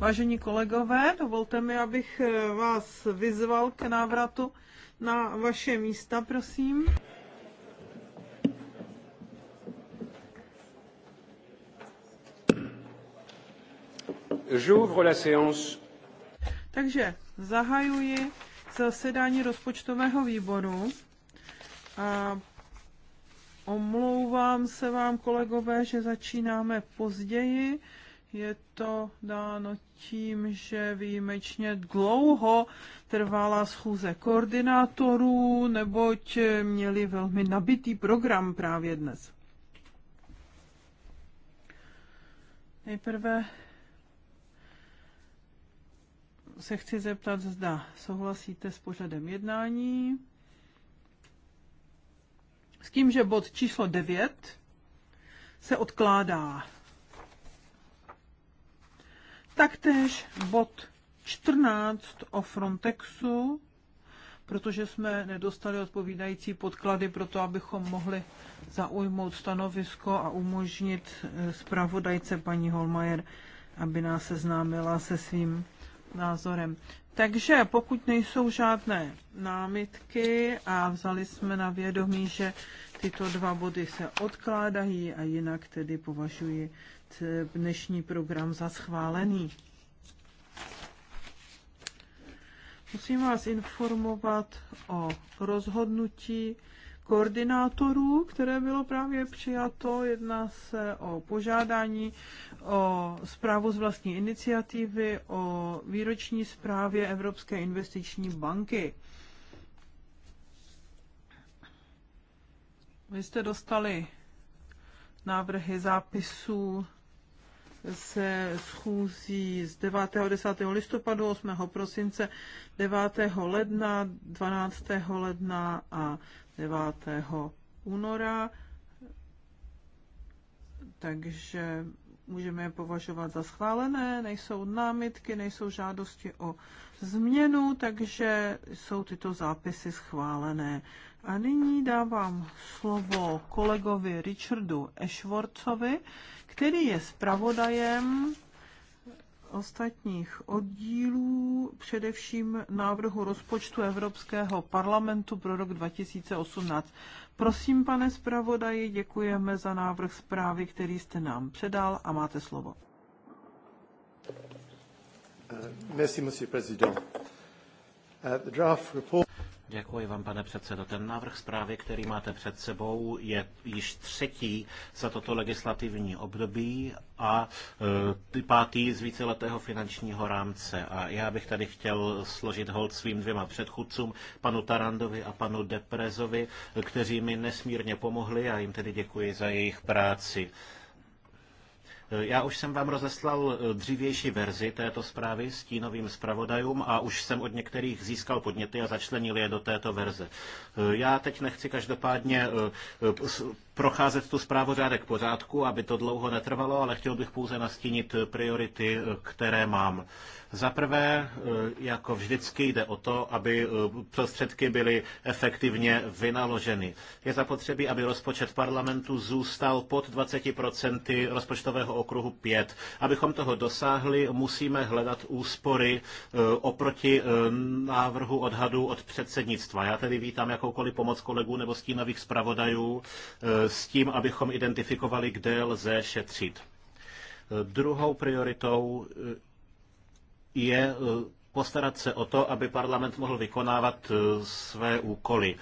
Vážení kolegové, dovolte mi, abych eh, vás vyzval k návratu na vaše místa, prosím. J'ouvre la séance. Takže zahajuji zasedání rozpočtového výboru. A Omlouvám se vám, kolegové, že začínáme později. Je to dáno tím, že výjimečně dlouho trvala schůze koordinátorů, neboť měli velmi nabitý program právě dnes. Nejprve se chci zeptat, zda souhlasíte s pořadem jednání s tím, že bod číslo 9 se odkládá. Taktéž bod 14 o Frontexu, protože jsme nedostali odpovídající podklady pro to, abychom mohli zaujmout stanovisko a umožnit eh, zpravodajce paní Holmajer, aby nás seznámila se svým názorem. Takže pokud nejsou žádné námitky a vzali jsme na vědomí, že tyto dva body se odkládají a jinak tedy považuji dnešní program za schválený. Musím vás informovat o rozhodnutí koordinátorů, které bylo právě přijato. Jedná se o požádání o zprávu z vlastní iniciativy o výroční zprávě Evropské investiční banky. Vy jste dostali návrhy zápisů se schůzí z 9. 10. listopadu, 8. prosince, 9. ledna, 12. ledna a 9. února. Takže můžeme je považovat za schválené, nejsou námitky, nejsou žádosti o změnu, takže jsou tyto zápisy schválené. A nyní dávám slovo kolegovi Richardu Ashworthovi, který je zpravodajem ostatních oddílů, především návrhu rozpočtu Evropského parlamentu pro rok 2018. Prosím, pane zpravodaji, děkujeme za návrh zprávy, který jste nám předal a máte slovo. Uh, merci, monsieur président. Uh, the draft report... Děkuji vám, pane předsedo. Ten návrh zprávy, který máte před sebou, je již třetí za toto legislativní období a e, pátý z víceletého finančního rámce. A já bych tady chtěl složit hold svým dvěma předchůdcům, panu Tarandovi a panu Deprezovi, kteří mi nesmírně pomohli a jim tedy děkuji za jejich práci. Já už jsem vám rozeslal eh, dřívější verzi této zprávy s tínovým zpravodajům a už jsem od některých získal podněty a začlenil je do této verze. Eh, já teď nechci každopádně eh, procházet tu zprávu řádek pořádku, aby to dlouho netrvalo, ale chtěl bych pouze nastínit priority, které mám. Za prvé, jako vždycky jde o to, aby prostředky byly efektivně vynaloženy. Je zapotřebí, aby rozpočet parlamentu zůstal pod 20% rozpočtového okruhu 5. Abychom toho dosáhli, musíme hledat úspory e, oproti e, návrhu odhadu od předsednictva. Já tedy vítám jakoukoliv pomoc kolegů nebo stínových zpravodajů e, s tím, abychom identifikovali, kde lze šetřit. Druhou prioritou je postarat se o to, aby parlament mohl vykonávat své úkoly.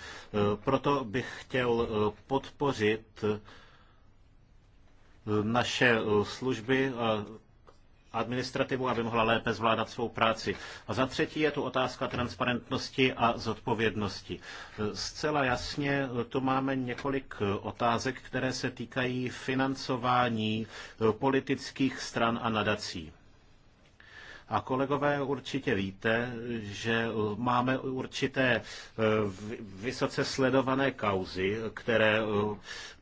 Proto bych chtěl podpořit naše eh, služby eh, administrativu, aby mohla lépe zvládat svou práci. A za třetí je tu otázka transparentnosti a zodpovědnosti. Eh, zcela jasně tu máme několik otázek, které se týkají financování politických stran a nadací. A kolegové určitě víte, že máme určité e, vysoce sledované kauzy, které e,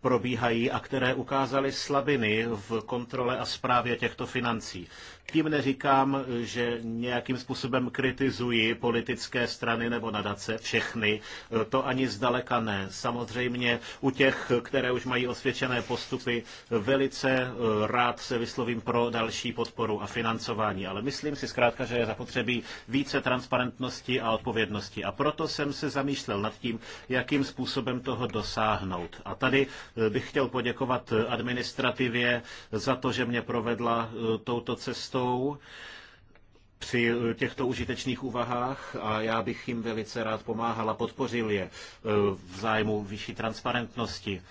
probíhají a které ukázaly slabiny v kontrole a správě těchto financí. Tím neříkám, že nějakým způsobem kritizuji politické strany nebo nadace, všechny. To ani zdaleka ne. Samozřejmě u těch, které už mají osvědčené postupy, velice eh, rád se vyslovím pro další podporu a financování. Ale myslím si zkrátka, že je zapotřebí více transparentnosti a odpovědnosti. A proto jsem se zamýšlel nad tím, jakým způsobem toho dosáhnout. A tady eh, bych chtěl poděkovat eh, administrativě za to, že mě provedla touto cestou jsou při těchto užitečných úvahách a já bych jim velice rád pomáhala, podpořil je eh, v zájmu vyšší transparentnosti.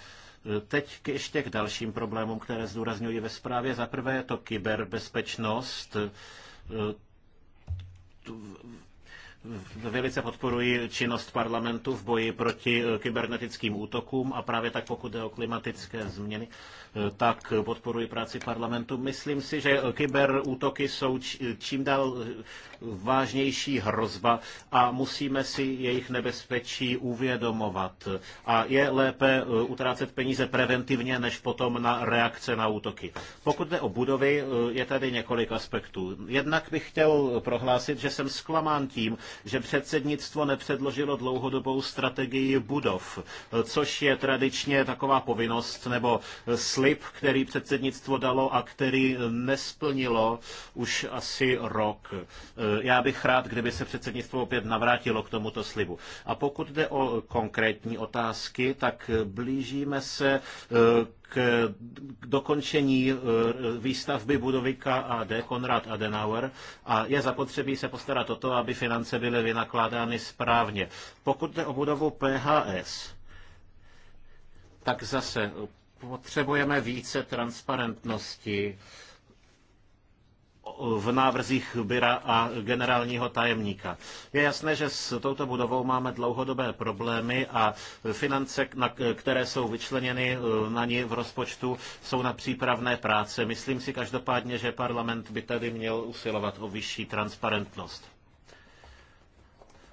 Teď k ještě k dalším problémům, které zdůrazňují ve zprávě. Za prvé je to kyberbezpečnost eh, velice podporuji činnost parlamentu v boji proti eh, kybernetickým útokům a právě tak pokud jde o klimatické změny, eh, tak podporuji práci parlamentu. Myslím si, že kyberútoky jsou čím dál eh, vážnější hrozba a musíme si jejich nebezpečí uvědomovat. A je lépe e, utrácet peníze preventivně, než potom na reakce na útoky. Pokud jde o budovy, e, je tady několik aspektů. Jednak bych chtěl prohlásit, že jsem zklamán tím, že předsednictvo nepředložilo dlouhodobou strategii budov, e, což je tradičně taková povinnost nebo slib, který předsednictvo dalo a který nesplnilo už asi rok. Eh, já bych rád, kdyby se předsednictvo opět navrátilo k tomuto slibu. A pokud jde o konkrétní otázky, tak eh, blížíme se eh, k dokončení výstavby budovy KAD Konrad Adenauer a je zapotřebí se postarat o to, aby finance byly vynakládány správně. Pokud jde o budovu PHS, tak zase potřebujeme více transparentnosti v návrzích Byra a generálního tajemníka. Je jasné, že s touto budovou máme dlouhodobé problémy a finance, které jsou vyčleněny eh, na ní v rozpočtu, jsou na přípravné práce. Myslím si každopádně, že parlament by tady měl usilovat o vyšší transparentnost.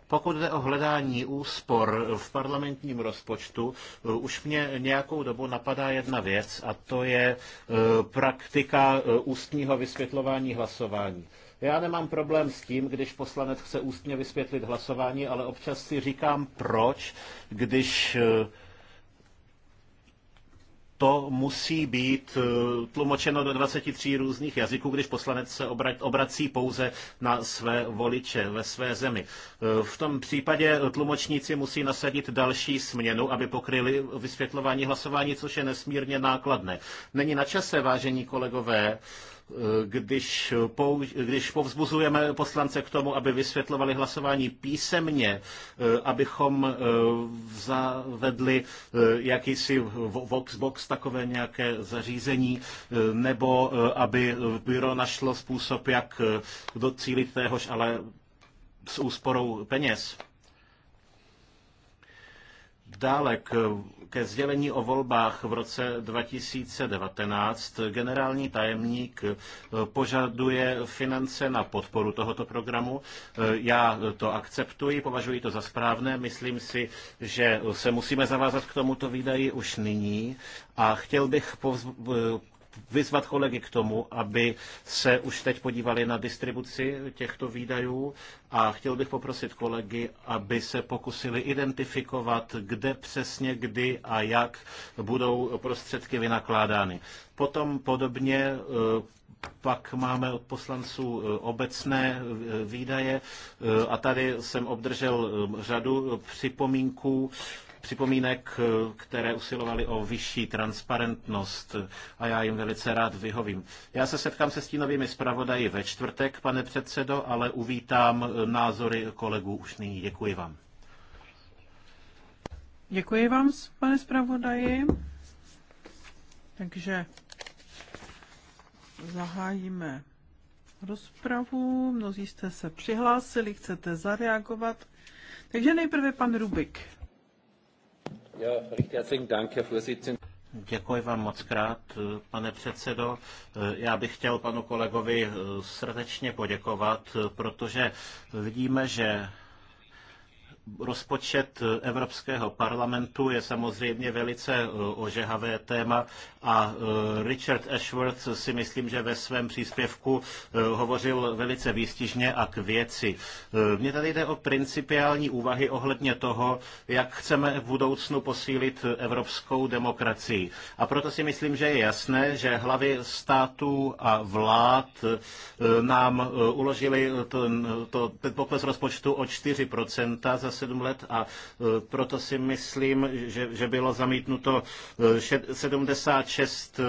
Pokud jde o hledání úspor v parlamentním rozpočtu, eh, už mě nějakou dobu napadá jedna věc a to je eh, praktika eh, ústního vysvětlování hlasování. Já nemám problém s tím, když poslanec chce ústně vysvětlit hlasování, ale občas si říkám, proč, když to musí být eh, tlumočeno do 23 různých jazyků, když poslanec se obrací pouze na své voliče ve své zemi. Eh, v tom případě tlumočníci musí nasadit další směnu, aby pokryli vysvětlování hlasování, což je nesmírně nákladné. Není na čase, vážení kolegové, když, pou, když povzbuzujeme poslance k tomu, aby vysvětlovali hlasování písemně, eh, abychom eh, zavedli eh, jakýsi voxbox, takové nějaké zařízení, nebo aby byro našlo způsob, jak docílit téhož, ale s úsporou peněz. Dále k ke sdělení o volbách v roce 2019 generální tajemník eh, požaduje finance na podporu tohoto programu. Eh, já to akceptuji, považuji to za správné, myslím si, že se musíme zavázat k tomuto výdaji už nyní a chtěl bych eh, vyzvat kolegy k tomu, aby se už teď podívali na distribuci těchto výdajů a chtěl bych poprosit kolegy, aby se pokusili identifikovat, kde přesně, kdy a jak budou prostředky vynakládány. Potom podobně eh, pak máme od poslanců eh, obecné eh, výdaje a tady jsem obdržel řadu připomínků připomínek, které usilovaly o vyšší transparentnost a já jim velice rád vyhovím. Já se setkám se stínovými zpravodaji ve čtvrtek, pane předsedo, ale uvítám názory kolegů už nyní. Děkuji vám. Děkuji vám, pane zpravodaji. Takže zahájíme rozpravu. Mnozí jste se přihlásili, chcete zareagovat. Takže nejprve pan Rubik. Děkuji vám moc krát, pane předsedo. Já bych chtěl panu kolegovi srdečně poděkovat, protože vidíme, že Rozpočet Evropského parlamentu je samozřejmě velice e, ožehavé téma a e, Richard Ashworth si myslím, že ve svém příspěvku e, hovořil velice výstižně a k věci. Mně tady jde o principiální úvahy ohledně toho, jak chceme v budoucnu posílit evropskou demokracii. A proto si myslím, že je jasné, že hlavy států a vlád nám uložili ten, to, ten pokles rozpočtu o 4% za sedm let a eh, proto si myslím, že, že bylo zamítnuto 76 eh, eh,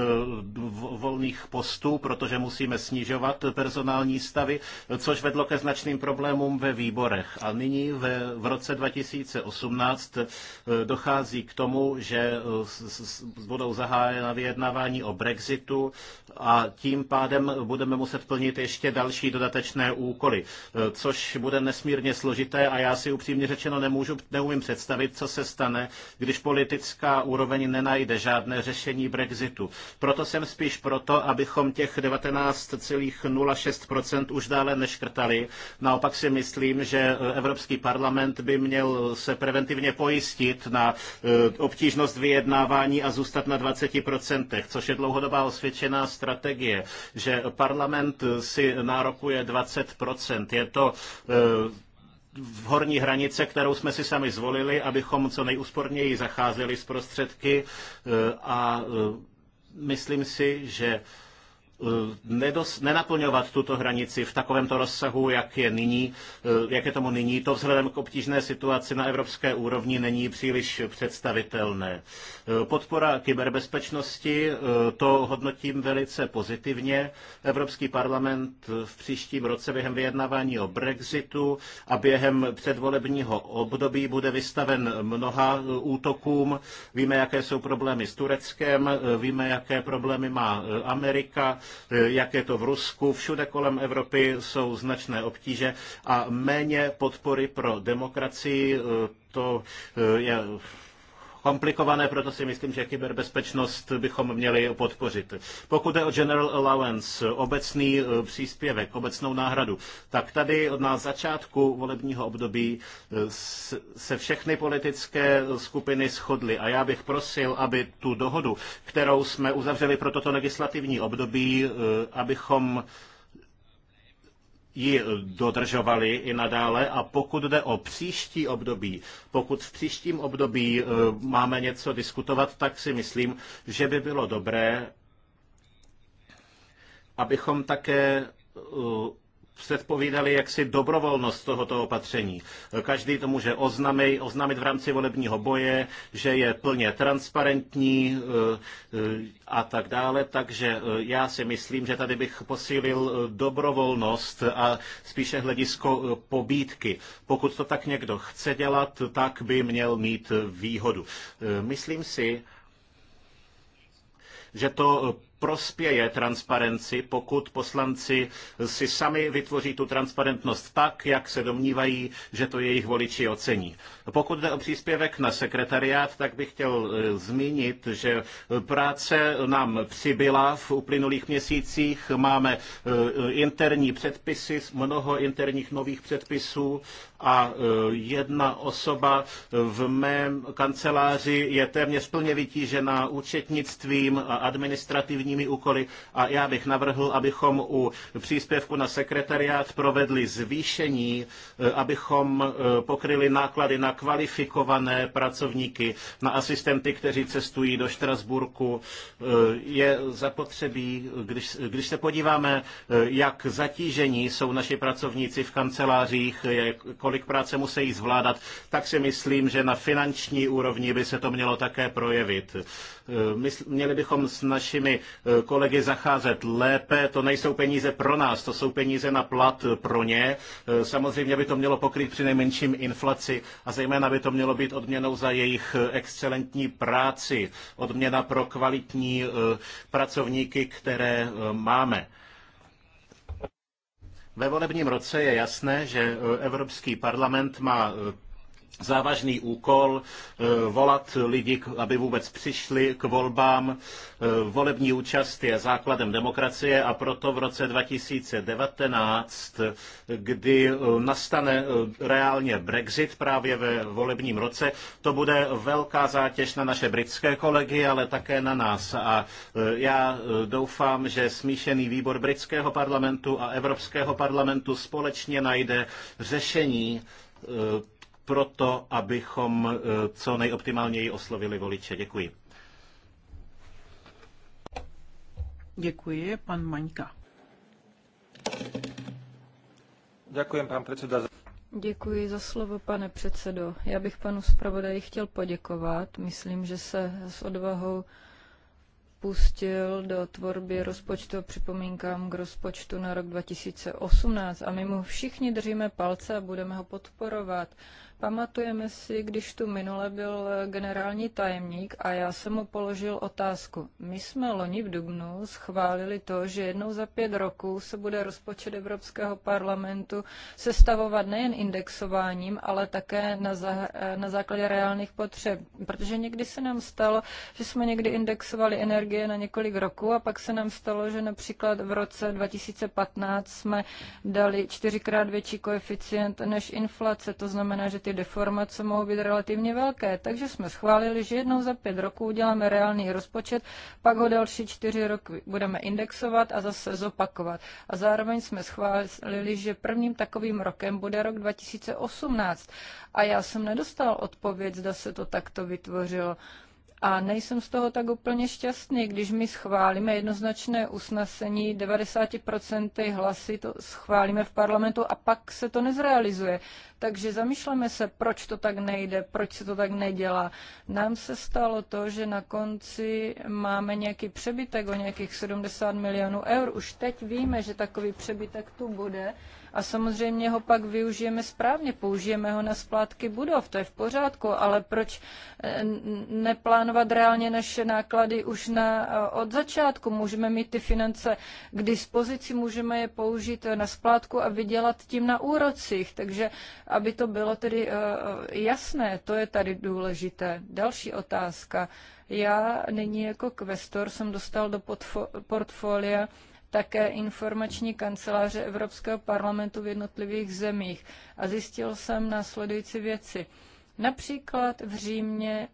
volných postů, protože musíme snižovat personální stavy, což vedlo ke značným problémům ve výborech. A nyní ve, v roce 2018 dochází k tomu, že budou zahájena vyjednávání o Brexitu a tím pádem budeme muset plnit ještě další dodatečné úkoly, což bude nesmírně složité a já si upřímně řeknu řečeno nemůžu, neumím představit, co se stane, když politická úroveň nenajde žádné řešení Brexitu. Proto jsem spíš proto, abychom těch 19,06% už dále neškrtali. Naopak si myslím, že Evropský parlament by měl se preventivně pojistit na eh, obtížnost vyjednávání a zůstat na 20%, což je dlouhodobá osvědčená strategie, že parlament si nárokuje 20%. Je to eh, horní hranice, kterou jsme si sami zvolili, abychom co nejúsporněji zacházeli s prostředky e, a e, myslím si, že Eh, nedos, nenaplňovat tuto hranici v takovémto rozsahu, jak je, nyní, eh, jak je tomu nyní, to vzhledem k obtížné situaci na evropské úrovni není příliš představitelné. Eh, podpora kyberbezpečnosti, to hodnotím velice pozitivně. Evropský parlament v příštím roce během vyjednávání o Brexitu a během předvolebního období bude vystaven mnoha útokům. Víme, jaké jsou problémy s Tureckem, víme, jaké problémy má Amerika, Eh, jak je to v Rusku. Všude kolem Evropy jsou značné obtíže a méně podpory pro demokracii eh, to eh, je komplikované, proto si myslím, že kyberbezpečnost bychom měli podpořit. Pokud je o General Allowance, obecný e, příspěvek, obecnou náhradu, tak tady na začátku volebního období e, se všechny politické skupiny shodly a já bych prosil, aby tu dohodu, kterou jsme uzavřeli pro toto legislativní období, e, abychom ji dodržovali i nadále a pokud jde o příští období, pokud v příštím období eh, máme něco diskutovat, tak si myslím, že by bylo dobré, abychom také eh, předpovídali jaksi dobrovolnost tohoto opatření. Každý to může oznamit, v rámci volebního boje, že je plně transparentní eh, eh, a tak dále. Takže eh, já si myslím, že tady bych posílil dobrovolnost a spíše hledisko pobídky. Pokud to tak někdo chce dělat, tak by měl mít výhodu. Myslím si, že to prospěje transparenci, pokud poslanci si sami vytvoří tu transparentnost tak, jak se domnívají, že to jejich voliči ocení. Pokud jde o příspěvek na sekretariát, tak bych chtěl e, zmínit, že práce nám přibyla v uplynulých měsících. Máme e, interní předpisy, mnoho interních nových předpisů a e, jedna osoba v mém kanceláři je téměř plně vytížena účetnictvím a administrativní legislativními úkoly a já bych navrhl, abychom u příspěvku na sekretariát provedli zvýšení, e, abychom e, pokryli náklady na kvalifikované pracovníky, na asistenty, kteří cestují do Štrasburku. E, je zapotřebí, když, když se podíváme, jak zatížení jsou naši pracovníci v kancelářích, kolik práce musí zvládat, tak si myslím, že na finanční úrovni by se to mělo také projevit. Eh, měli bychom s našimi eh, kolegy zacházet lépe, to nejsou peníze pro nás, to jsou peníze na plat eh, pro ně. Samozřejmě by to mělo pokryt při nejmenším inflaci a zejména by to mělo být odměnou za jejich excelentní práci, odměna pro kvalitní pracovníky, které máme. Ve volebním roce je jasné, že Evropský parlament má závažný úkol eh, volat lidi, aby vůbec přišli k volbám. Eh, volební účast je základem demokracie a proto v roce 2019, kdy eh, nastane reálně Brexit právě ve volebním roce, to bude velká zátěž na naše britské kolegy, ale také na nás. A já doufám, že smíšený výbor britského parlamentu a Evropského parlamentu společně najde řešení pro to, abychom eh, co nejoptimálněji oslovili voliče. Děkuji. Děkuji, pan Maňka. Děkuji, pan předseda. Děkuji za slovo, pane předsedo. Já bych panu zpravodaji chtěl poděkovat. Myslím, že se s odvahou pustil do tvorby rozpočtu a připomínkám k rozpočtu na rok 2018 a my mu všichni držíme palce a budeme ho podporovat. Pamatujeme si, když tu minule byl generální tajemník a já jsem mu položil otázku. My jsme loni v Dubnu schválili to, že jednou za pět roků se bude rozpočet Evropského parlamentu sestavovat nejen indexováním, ale také na, zá, na základě reálných potřeb. Protože někdy se nám stalo, že jsme někdy indexovali energie na několik roků a pak se nám stalo, že například v roce 2015 jsme dali čtyřikrát větší koeficient než inflace. To znamená, že ty ty deformace mohou být relativně velké. Takže jsme schválili, že jednou za pět roků uděláme reálný rozpočet, pak ho další čtyři roky budeme indexovat a zase zopakovat. A zároveň jsme schválili, že prvním takovým rokem bude rok 2018. A já jsem nedostal odpověď, zda se to takto vytvořilo. A nejsem z toho tak úplně šťastný, když my schválíme jednoznačné usnesení, 90% hlasy to schválíme v parlamentu a pak se to nezrealizuje. Takže zamýšleme se, proč to tak nejde, proč se to tak nedělá. Nám se stalo to, že na konci máme nějaký přebytek o nějakých 70 milionů eur. Už teď víme, že takový přebytek tu bude a samozřejmě ho pak využijeme správně, použijeme ho na splátky budov, to je v pořádku, ale proč eh, neplánovat reálně naše náklady už na, eh, od začátku? Můžeme mít ty finance k dispozici, můžeme je použít na splátku a vydělat tím na úrocích. Takže aby to bylo tedy eh, jasné, to je tady důležité. Další otázka. Já nyní jako kvestor jsem dostal do portfolia také informační kanceláře Evropského parlamentu v jednotlivých zemích a zjistil jsem následující věci. Například v Římě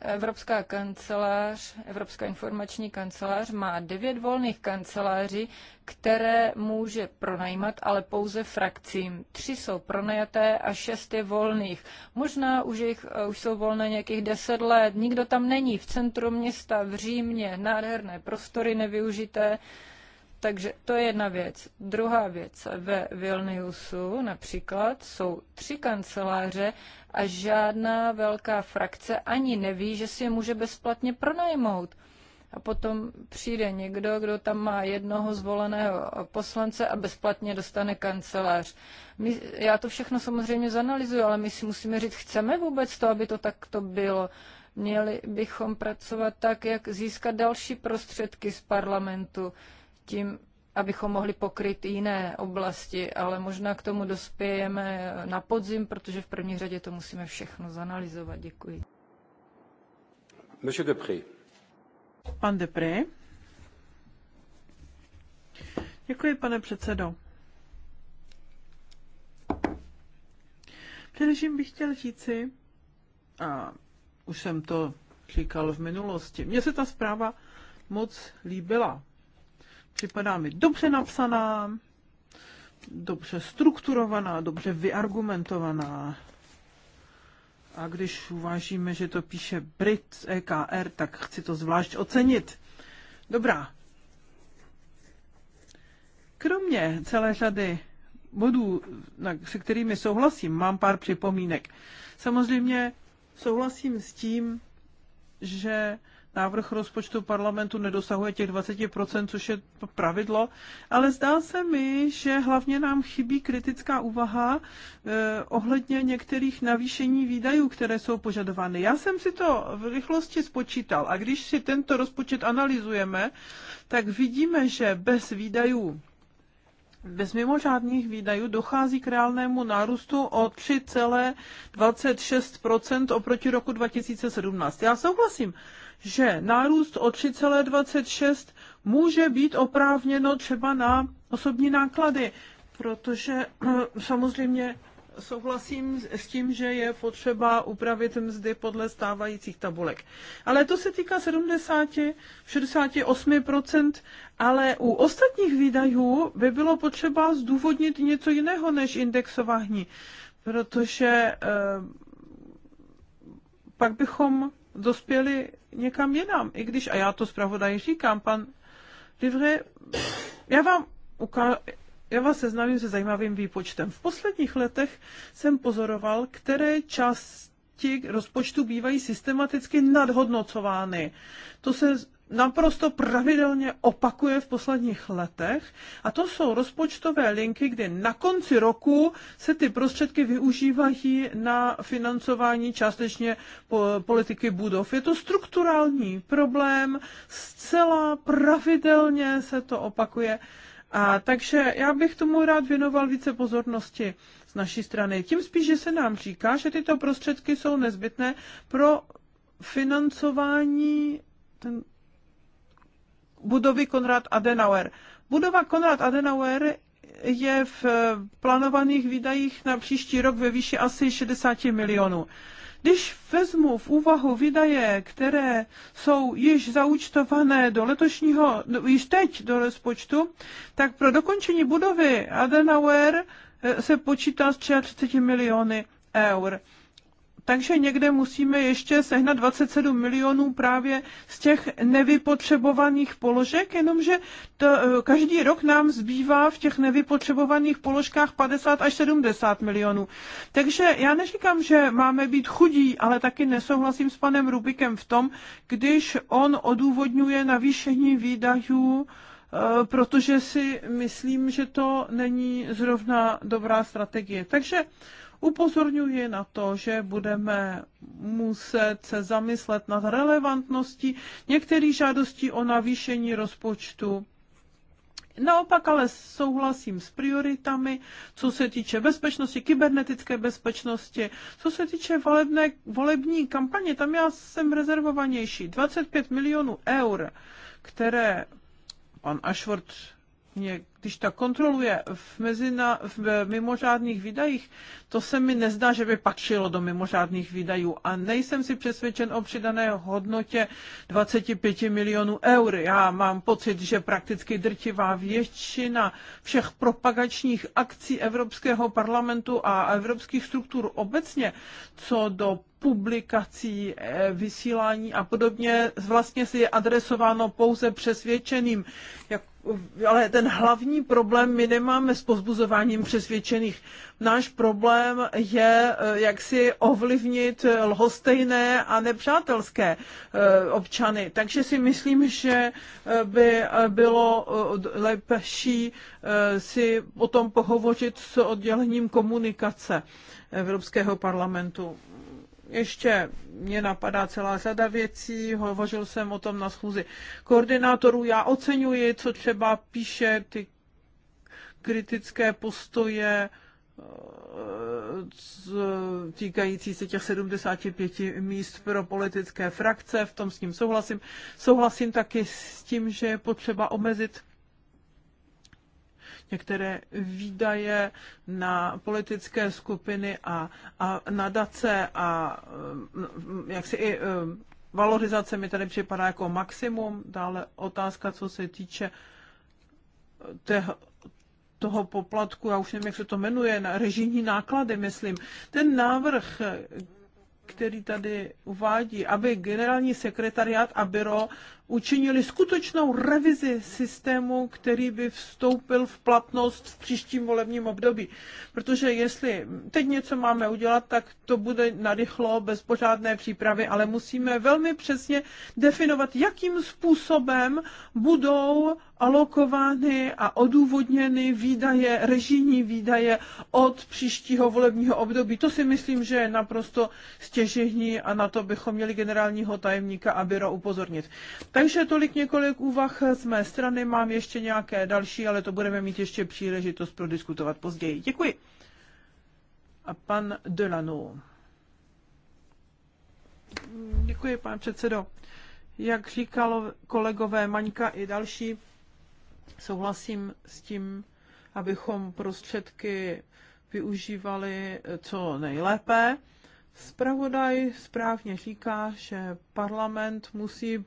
Evropská kancelář, Evropská informační kancelář má devět volných kanceláří, které může pronajímat, ale pouze frakcím. Tři jsou pronajaté a šest je volných. Možná už, jich, eh, už jsou volné nějakých deset let. Nikdo tam není. V centru města, v Římě, nádherné prostory nevyužité. Takže to je jedna věc. Druhá věc, ve Vilniusu například jsou tři kanceláře a žádná velká frakce ani neví, že si je může bezplatně pronajmout. A potom přijde někdo, kdo tam má jednoho zvoleného poslance a bezplatně dostane kancelář. My, já to všechno samozřejmě zanalizuju, ale my si musíme říct, chceme vůbec to, aby to takto bylo. Měli bychom pracovat tak, jak získat další prostředky z parlamentu tím, abychom mohli pokryt jiné oblasti, ale možná k tomu dospějeme na podzim, protože v první řadě to musíme všechno zanalizovat. Děkuji. Monsieur Depré. Pan Depré. Děkuji, pane předsedo. Především bych chtěl říci, a už jsem to říkal v minulosti, mně se ta zpráva moc líbila, připadá mi dobře napsaná, dobře strukturovaná, dobře vyargumentovaná. A když uvážíme, že to píše Brit z EKR, tak chci to zvlášť ocenit. Dobrá. Kromě celé řady bodů, se kterými souhlasím, mám pár připomínek. Samozřejmě souhlasím s tím, že návrh rozpočtu parlamentu nedosahuje těch 20%, což je pravidlo, ale zdá se mi, že hlavně nám chybí kritická úvaha eh, ohledně některých navýšení výdajů, které jsou požadovány. Já jsem si to v rychlosti spočítal a když si tento rozpočet analyzujeme, tak vidíme, že bez výdajů bez mimořádných výdajů dochází k reálnému nárůstu o 3,26 oproti roku 2017. Já souhlasím, že nárůst o 3,26 může být oprávněno třeba na osobní náklady, protože eh, samozřejmě souhlasím s tím, že je potřeba upravit mzdy podle stávajících tabulek. Ale to se týká 70, 68%, ale u ostatních výdajů by bylo potřeba zdůvodnit něco jiného než indexování, protože eh, pak bychom dospěli někam jinam. I když, a já to zpravodaji říkám, pan Livre, já vám ukážu, já vás seznámím se zajímavým výpočtem. V posledních letech jsem pozoroval, které části rozpočtu bývají systematicky nadhodnocovány. To se naprosto pravidelně opakuje v posledních letech. A to jsou rozpočtové linky, kdy na konci roku se ty prostředky využívají na financování částečně politiky budov. Je to strukturální problém, zcela pravidelně se to opakuje. A takže já bych tomu rád věnoval více pozornosti z naší strany. Tím spíš, že se nám říká, že tyto prostředky jsou nezbytné pro financování ten budovy Konrad Adenauer. Budova Konrad Adenauer je v plánovaných výdajích na příští rok ve výši asi 60 milionů. Když vezmu v úvahu výdaje, které jsou již zaúčtované do letošního, již teď do rozpočtu, tak pro dokončení budovy Adenauer eh, se počítá z 30 miliony eur takže někde musíme ještě sehnat 27 milionů právě z těch nevypotřebovaných položek, jenomže to, eh, každý rok nám zbývá v těch nevypotřebovaných položkách 50 až 70 milionů. Takže já neříkám, že máme být chudí, ale taky nesouhlasím s panem Rubikem v tom, když on odůvodňuje navýšení výdajů Eh, protože si myslím, že to není zrovna dobrá strategie. Takže upozorňuji na to, že budeme muset se zamyslet nad relevantností některých žádostí o navýšení rozpočtu. Naopak ale souhlasím s prioritami, co se týče bezpečnosti, kybernetické bezpečnosti, co se týče volebné, volební kampaně, tam já jsem rezervovanější. 25 milionů eur, které Pan Ashford mě když tak kontroluje v, mezina, v mimořádných výdajích, to se mi nezdá, že by patřilo do mimořádných výdajů. A nejsem si přesvědčen o přidané hodnotě 25 milionů eur. Já mám pocit, že prakticky drtivá většina všech propagačních akcí Evropského parlamentu a evropských struktur obecně, co do publikací, eh, vysílání a podobně vlastně si je adresováno pouze přesvědčeným, jak ale ten hlavní problém my nemáme s pozbuzováním přesvědčených. Náš problém je, eh, jak si ovlivnit eh, lhostejné a nepřátelské eh, občany. Takže si myslím, že by bylo lepší si o tom pohovořit s oddělením komunikace Evropského parlamentu ještě mě napadá celá řada věcí, hovořil jsem o tom na schůzi koordinátorů. Já oceňuji, co třeba píše ty kritické postoje eh, týkající se těch 75 míst pro politické frakce, v tom s ním souhlasím. Souhlasím taky s tím, že je potřeba omezit některé výdaje na politické skupiny a, a nadace a mm, jak si i mm, valorizace mi tady připadá jako maximum. Dále otázka, co se týče té, toho poplatku, já už nevím, jak se to jmenuje, na režijní náklady, myslím. Ten návrh, který tady uvádí, aby generální sekretariát a byro učinili skutečnou revizi systému, který by vstoupil v platnost v příštím volebním období. Protože jestli teď něco máme udělat, tak to bude narychlo, bez pořádné přípravy, ale musíme velmi přesně definovat, jakým způsobem budou alokovány a odůvodněny výdaje, režijní výdaje od příštího volebního období. To si myslím, že je naprosto stěžení a na to bychom měli generálního tajemníka a byro upozornit. Takže tolik několik úvah z mé strany. Mám ještě nějaké další, ale to budeme mít ještě příležitost prodiskutovat později. Děkuji. A pan Delano. Děkuji, pane předsedo. Jak říkalo kolegové Maňka i další, souhlasím s tím, abychom prostředky využívali co nejlépe. Spravodaj správně říká, že parlament musí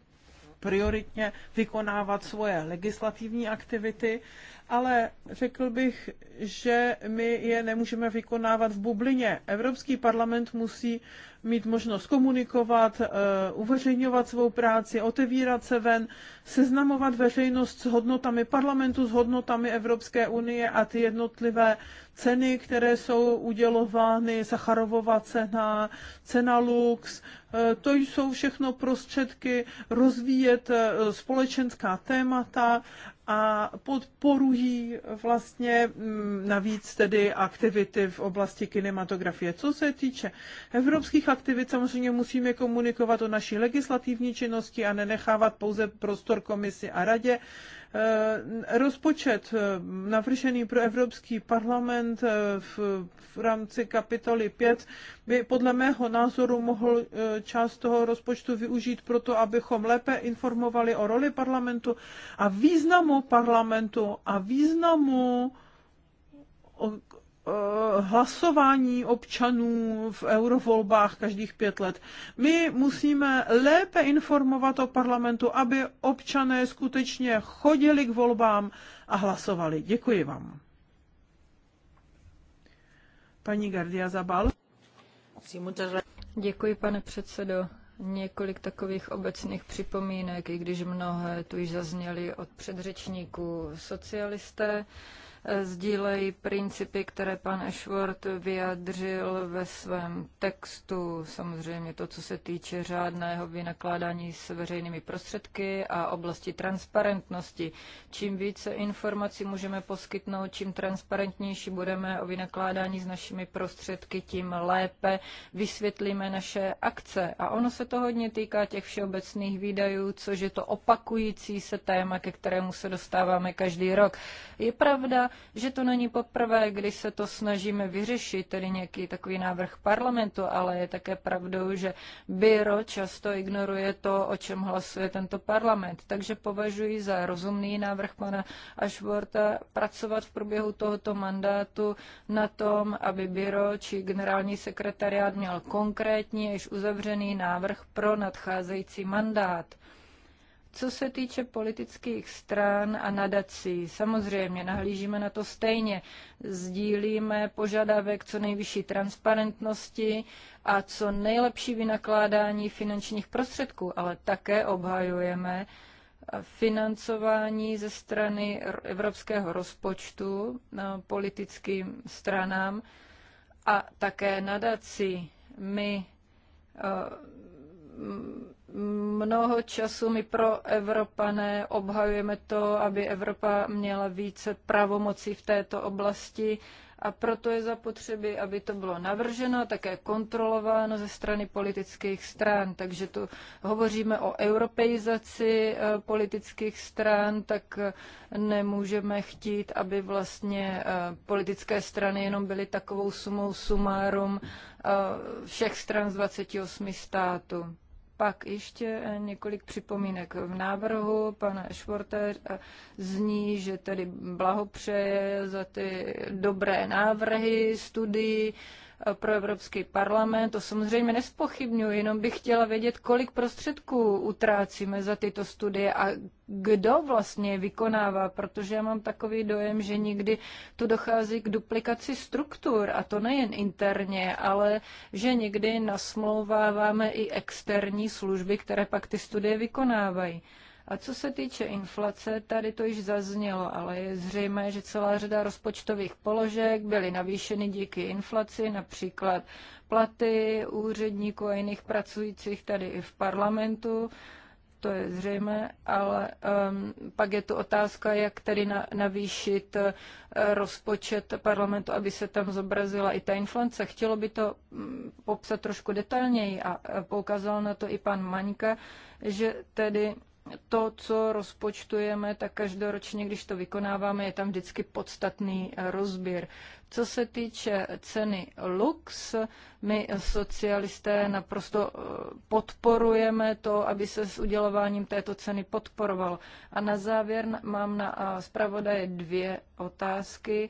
prioritně vykonávat svoje legislativní aktivity ale řekl bych, že my je nemůžeme vykonávat v bublině. Evropský parlament musí mít možnost komunikovat, eh, uveřejňovat svou práci, otevírat se ven, seznamovat veřejnost s hodnotami parlamentu, s hodnotami Evropské unie a ty jednotlivé ceny, které jsou udělovány, Sacharovova cena, cena Lux, eh, to jsou všechno prostředky rozvíjet eh, společenská témata a podporují vlastně mm, navíc tedy aktivity v oblasti kinematografie. Co se týče evropských aktivit, samozřejmě musíme komunikovat o naší legislativní činnosti a nenechávat pouze prostor komisi a radě, Eh, rozpočet eh, navržený pro Evropský parlament eh, v, v rámci kapitoly 5 by podle mého názoru mohl část toho rozpočtu využít proto, abychom lépe informovali o roli parlamentu a významu parlamentu a významu Eh, hlasování občanů v eurovolbách každých pět let. My musíme lépe informovat o parlamentu, aby občané skutečně chodili k volbám a hlasovali. Děkuji vám. Paní Gardia Zabal. Děkuji, pane předsedo. Několik takových obecných připomínek, i když mnohé tu již zazněly od předřečníků socialisté. Uh, sdílejí principy, které pan Ashworth vyjadřil ve svém textu. Samozřejmě to, co se týče řádného vynakládání s veřejnými prostředky a oblasti transparentnosti. Čím více informací můžeme poskytnout, čím transparentnější budeme o vynakládání s našimi prostředky, tím lépe vysvětlíme naše akce. A ono se to hodně týká těch všeobecných výdajů, což je to opakující se téma, ke kterému se dostáváme každý rok. Je pravda, že to není poprvé, kdy se to snažíme vyřešit, tedy nějaký takový návrh parlamentu, ale je také pravdou, že byro často ignoruje to, o čem hlasuje tento parlament. Takže považuji za rozumný návrh pana Ashworta pracovat v průběhu tohoto mandátu na tom, aby byro či generální sekretariát měl konkrétní, již uzavřený návrh pro nadcházející mandát. Co se týče politických stran a nadací, samozřejmě nahlížíme na to stejně. Sdílíme požadavek co nejvyšší transparentnosti a co nejlepší vynakládání finančních prostředků, ale také obhajujeme financování ze strany evropského rozpočtu no, politickým stranám a také nadací. My mnoho času my pro Evropané obhajujeme to, aby Evropa měla více pravomocí v této oblasti a proto je zapotřebí, aby to bylo navrženo také kontrolováno ze strany politických stran. Takže tu hovoříme o europeizaci eh, politických stran, tak eh, nemůžeme chtít, aby vlastně eh, politické strany jenom byly takovou sumou sumárum všech stran z 28 států. Pak ještě eh, několik připomínek v návrhu pana Švorte eh, zní, že tedy blahopřeje za ty dobré návrhy, studii, Eh, pro Evropský parlament. To samozřejmě nespochybnuju, jenom bych chtěla vědět, kolik prostředků utrácíme za tyto studie a kdo vlastně je vykonává, protože já mám takový dojem, že nikdy tu dochází k duplikaci struktur a to nejen interně, ale že někdy nasmlouváváme i externí služby, které pak ty studie vykonávají. A co se týče inflace, tady to již zaznělo, ale je zřejmé, že celá řada rozpočtových položek byly navýšeny díky inflaci, například platy úředníků a jiných pracujících tady i v parlamentu to je zřejmé, ale um, pak je tu otázka, jak tedy na, navýšit uh, rozpočet parlamentu, aby se tam zobrazila i ta inflace. Chtělo by to um, popsat trošku detailněji a uh, poukázal na to i pan Maňka, že tedy to, co rozpočtujeme, tak každoročně, když to vykonáváme, je tam vždycky podstatný eh, rozběr. Co se týče ceny lux, my socialisté naprosto eh, podporujeme to, aby se s udělováním této ceny podporovalo. A na závěr mám na eh, zpravodaje dvě otázky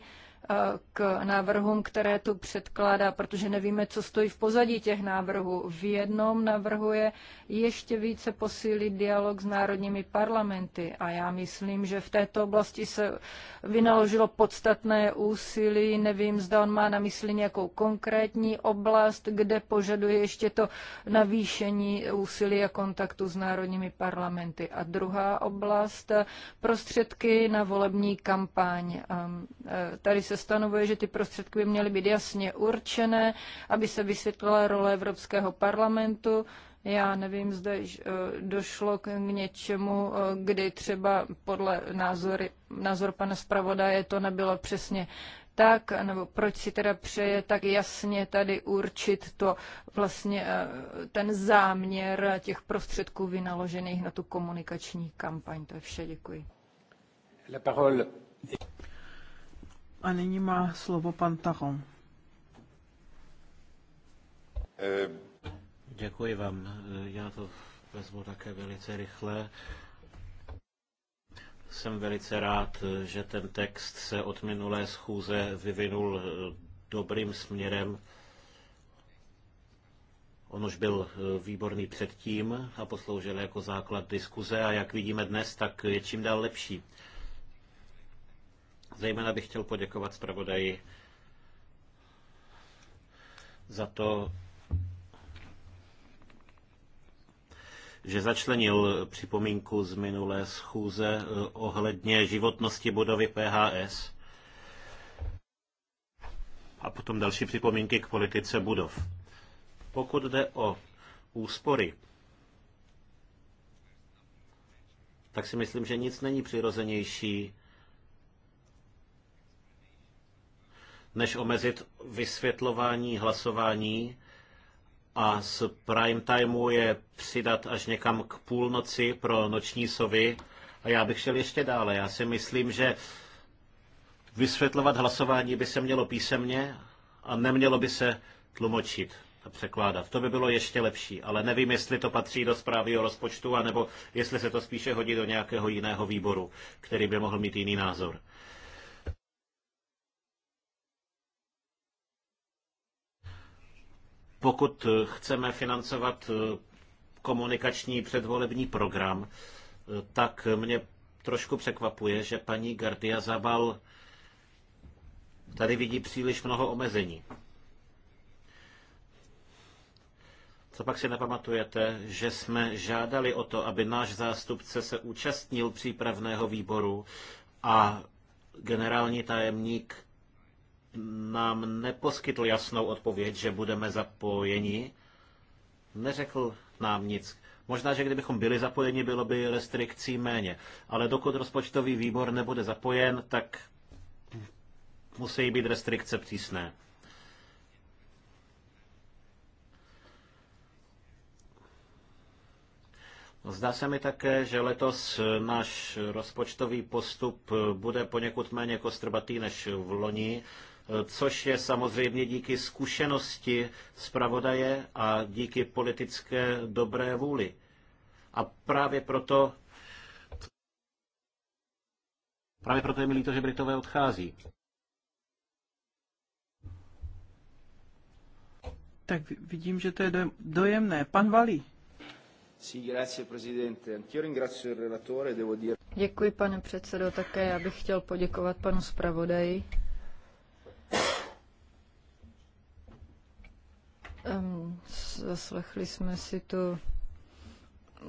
k návrhům, které tu předkládá, protože nevíme, co stojí v pozadí těch návrhů. V jednom navrhuje ještě více posílit dialog s národními parlamenty a já myslím, že v této oblasti se vynaložilo podstatné úsilí. Nevím, zda on má na mysli nějakou konkrétní oblast, kde požaduje ještě to navýšení úsilí a kontaktu s národními parlamenty. A druhá oblast, prostředky na volební kampaň. E, tady se se stanovuje, že ty prostředky by měly být jasně určené, aby se vysvětlila role Evropského parlamentu. Já nevím, zde eh, došlo k něčemu, eh, kdy třeba podle názory, názor pana zpravodaje to nebylo přesně tak, nebo proč si teda přeje tak jasně tady určit to vlastně eh, ten záměr těch prostředků vynaložených na tu komunikační kampaň. To je vše, děkuji. La parole. A nyní má slovo pan Taron. Děkuji vám. Já to vezmu také velice rychle. Jsem velice rád, že ten text se od minulé schůze vyvinul dobrým směrem. On už byl výborný předtím a posloužil jako základ diskuze a jak vidíme dnes, tak je čím dál lepší. Zejména bych chtěl poděkovat zpravodaji za to, že začlenil připomínku z minulé schůze eh, ohledně životnosti budovy PHS a potom další připomínky k politice budov. Pokud jde o úspory, tak si myslím, že nic není přirozenější než omezit vysvětlování hlasování a z prime timeu je přidat až někam k půlnoci pro noční sovy. A já bych šel ještě dále. Já si myslím, že vysvětlovat hlasování by se mělo písemně a nemělo by se tlumočit a překládat. To by bylo ještě lepší, ale nevím, jestli to patří do zprávy o rozpočtu, anebo jestli se to spíše hodí do nějakého jiného výboru, který by mohl mít jiný názor. pokud eh, chceme financovat eh, komunikační předvolební program, eh, tak mě trošku překvapuje, že paní Gardia Zabal tady vidí příliš mnoho omezení. Co pak si nepamatujete, že jsme žádali o to, aby náš zástupce se účastnil přípravného výboru a generální tajemník nám neposkytl jasnou odpověď, že budeme zapojeni. Neřekl nám nic. Možná, že kdybychom byli zapojeni, bylo by restrikcí méně. Ale dokud rozpočtový výbor nebude zapojen, tak musí být restrikce přísné. Zdá se mi také, že letos náš rozpočtový postup bude poněkud méně kostrbatý než v loni, což je samozřejmě díky zkušenosti zpravodaje a díky politické dobré vůli. A právě proto Právě proto je mi líto, že Britové odchází. Tak vidím, že to je dojemné. Pan Valí. Děkuji, pane předsedo. Také já bych chtěl poděkovat panu zpravodaji Zaslechli jsme si tu,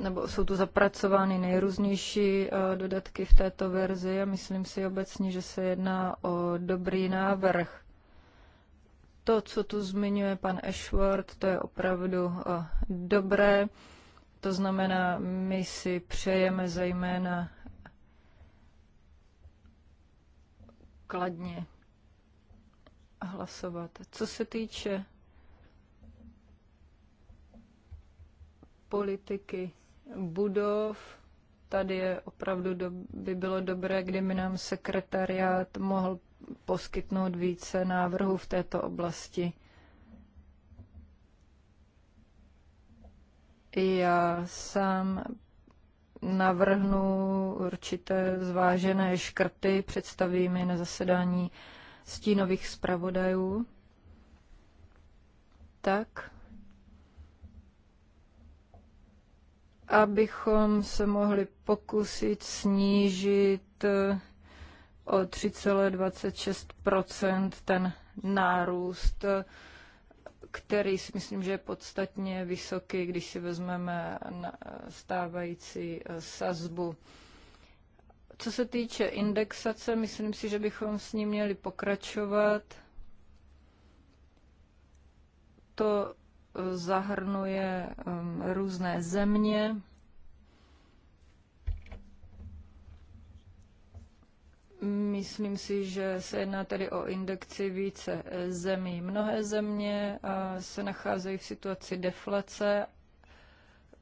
nebo jsou tu zapracovány nejrůznější eh, dodatky v této verzi a myslím si obecně, že se jedná o dobrý návrh. To, co tu zmiňuje pan Ashworth, to je opravdu eh, dobré. To znamená, my si přejeme zejména kladně hlasovat. Co se týče politiky budov. Tady je opravdu do, by bylo dobré, kdyby nám sekretariát mohl poskytnout více návrhů v této oblasti. Já sám navrhnu určité zvážené škrty, představím je na zasedání stínových zpravodajů. Tak, abychom se mohli pokusit snížit eh, o 3,26 ten nárůst, který si myslím, že je podstatně vysoký, když si vezmeme eh, stávající eh, sazbu. Co se týče indexace, myslím si, že bychom s ní měli pokračovat. To zahrnuje um, různé země. Myslím si, že se jedná tedy o indexy více zemí. Mnohé země se nacházejí v situaci deflace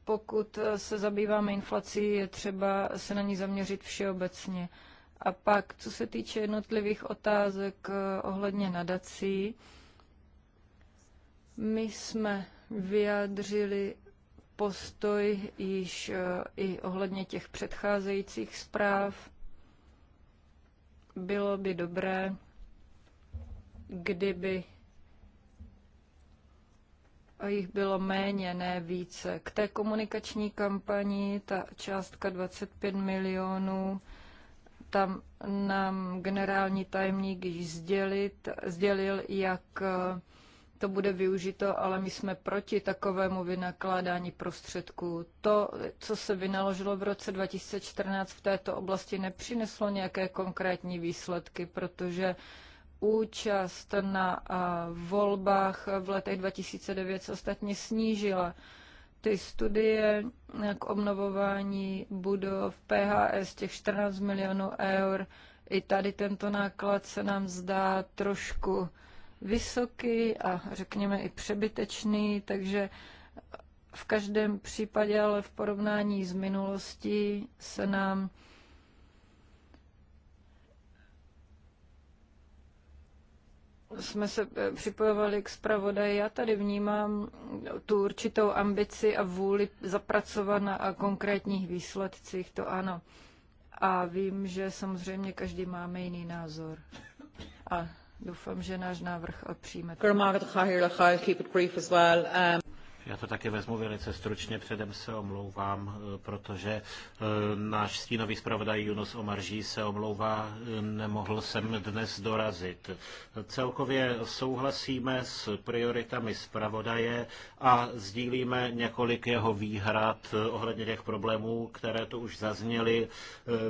pokud se zabýváme inflací, je třeba se na ní zaměřit všeobecně. A pak, co se týče jednotlivých otázek eh, ohledně nadací, my jsme vyjádřili postoj již eh, i ohledně těch předcházejících zpráv. Bylo by dobré, kdyby a jich bylo méně, ne více. K té komunikační kampani ta částka 25 milionů, tam nám generální tajemník již sdělit, sdělil, jak eh, to bude využito, ale my jsme proti takovému vynakládání prostředků. To, co se vynaložilo v roce 2014 v této oblasti, nepřineslo nějaké konkrétní výsledky, protože účast na volbách v letech 2009 se ostatně snížila. Ty studie k obnovování budov PHS těch 14 milionů eur, i tady tento náklad se nám zdá trošku vysoký a řekněme i přebytečný, takže v každém případě, ale v porovnání s minulostí se nám jsme se eh, připojovali k zpravodaji. Já tady vnímám tu určitou ambici a vůli zapracovat na konkrétních výsledcích, to ano. A vím, že samozřejmě každý máme jiný názor. A Doufám, že náš návrh přijmete. Um, já to také vezmu velice stručně, předem se omlouvám, eh, protože eh, náš stínový zpravodaj Junos Omarží se omlouvá, eh, nemohl jsem dnes dorazit. Celkově souhlasíme s prioritami zpravodaje a sdílíme několik jeho výhrad ohledně těch problémů, které tu už zazněly.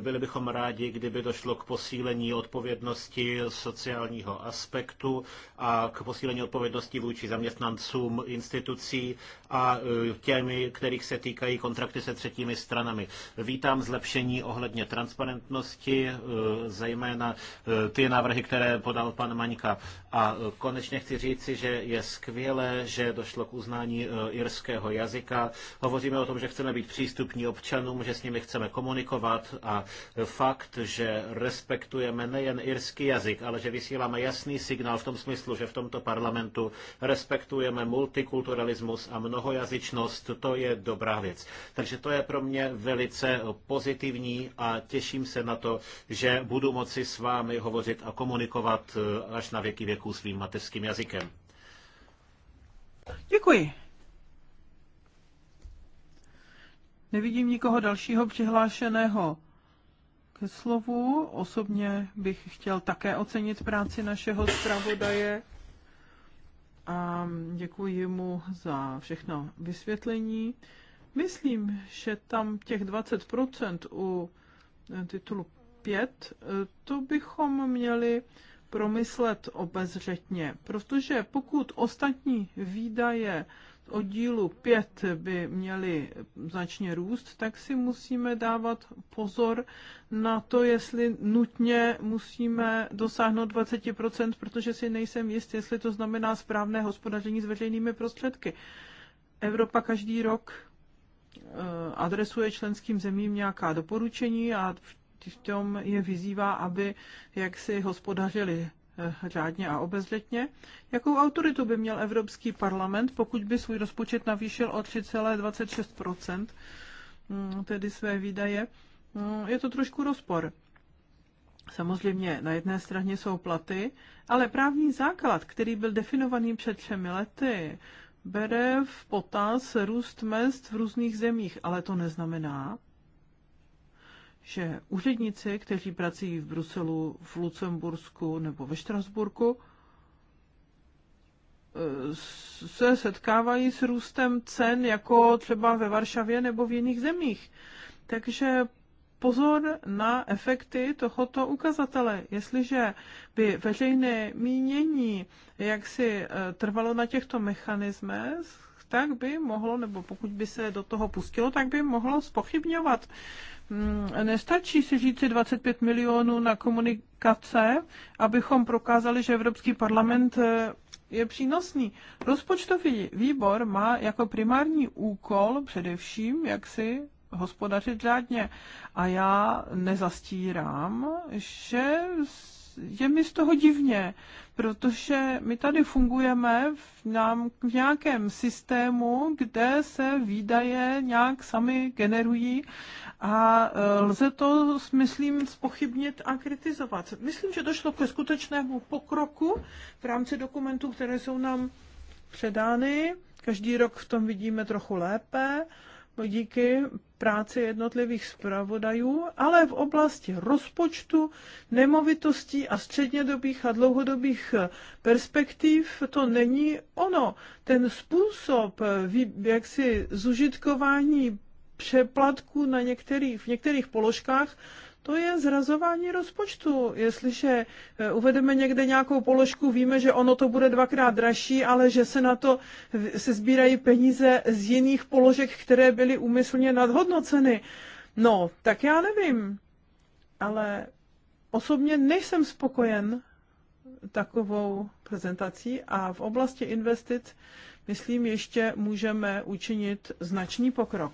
Byli bychom rádi, kdyby došlo k posílení odpovědnosti sociálního aspektu a k posílení odpovědnosti vůči zaměstnancům institucí, a e, těmi, kterých se týkají kontrakty se třetími stranami. Vítám zlepšení ohledně transparentnosti, e, zejména e, ty návrhy, které podal pan Maňka. A konečně chci říci, že je skvělé, že došlo k uznání irského jazyka. Hovoříme o tom, že chceme být přístupní občanům, že s nimi chceme komunikovat a fakt, že respektujeme nejen irský jazyk, ale že vysíláme jasný signál v tom smyslu, že v tomto parlamentu respektujeme multikulturalismus a a mnohojazyčnost, to je dobrá věc. Takže to je pro mě velice pozitivní a těším se na to, že budu moci s vámi hovořit a komunikovat eh, až na věky věků svým mateřským jazykem. Děkuji. Nevidím nikoho dalšího přihlášeného ke slovu. Osobně bych chtěl také ocenit práci našeho zpravodaje a děkuji mu za všechno vysvětlení. Myslím, že tam těch 20% u titulu 5, to bychom měli promyslet obezřetně, protože pokud ostatní výdaje oddílu 5 by měly značně růst, tak si musíme dávat pozor na to, jestli nutně musíme dosáhnout 20%, protože si nejsem jist, jestli to znamená správné hospodaření s veřejnými prostředky. Evropa každý rok eh, adresuje členským zemím nějaká doporučení a v tom je vyzývá, aby jak si hospodařili řádně a obezřetně. Jakou autoritu by měl Evropský parlament, pokud by svůj rozpočet navýšil o 3,26 mm, tedy své výdaje? Mm, je to trošku rozpor. Samozřejmě na jedné straně jsou platy, ale právní základ, který byl definovaný před třemi lety, bere v potaz růst mest v různých zemích, ale to neznamená, že úředníci, kteří pracují v Bruselu, v Lucembursku nebo ve Štrasburku, eh, se setkávají s růstem cen, jako třeba ve Varšavě nebo v jiných zemích. Takže pozor na efekty tohoto ukazatele. Jestliže by veřejné mínění jaksi eh, trvalo na těchto mechanismech, tak by mohlo, nebo pokud by se do toho pustilo, tak by mohlo spochybňovat. Mm, nestačí si si 25 milionů na komunikace, abychom prokázali, že Evropský parlament eh, je přínosný. Rozpočtový výbor má jako primární úkol především, jak si hospodařit řádně. A já nezastírám, že je mi z toho divně, protože my tady fungujeme v, nám, v nějakém systému, kde se výdaje nějak sami generují a e, lze to, myslím, spochybnit a kritizovat. Myslím, že došlo ke skutečnému pokroku v rámci dokumentů, které jsou nám předány. Každý rok v tom vidíme trochu lépe díky práci jednotlivých zpravodajů, ale v oblasti rozpočtu, nemovitostí a střednědobých a dlouhodobých perspektiv to není ono. Ten způsob jaksi zužitkování přeplatku na některých, v některých položkách to je zrazování rozpočtu. Jestliže eh, uvedeme někde nějakou položku, víme, že ono to bude dvakrát dražší, ale že se na to eh, se sbírají peníze z jiných položek, které byly úmyslně nadhodnoceny. No, tak já nevím. Ale osobně nejsem spokojen takovou prezentací a v oblasti investic, myslím, ještě můžeme učinit značný pokrok.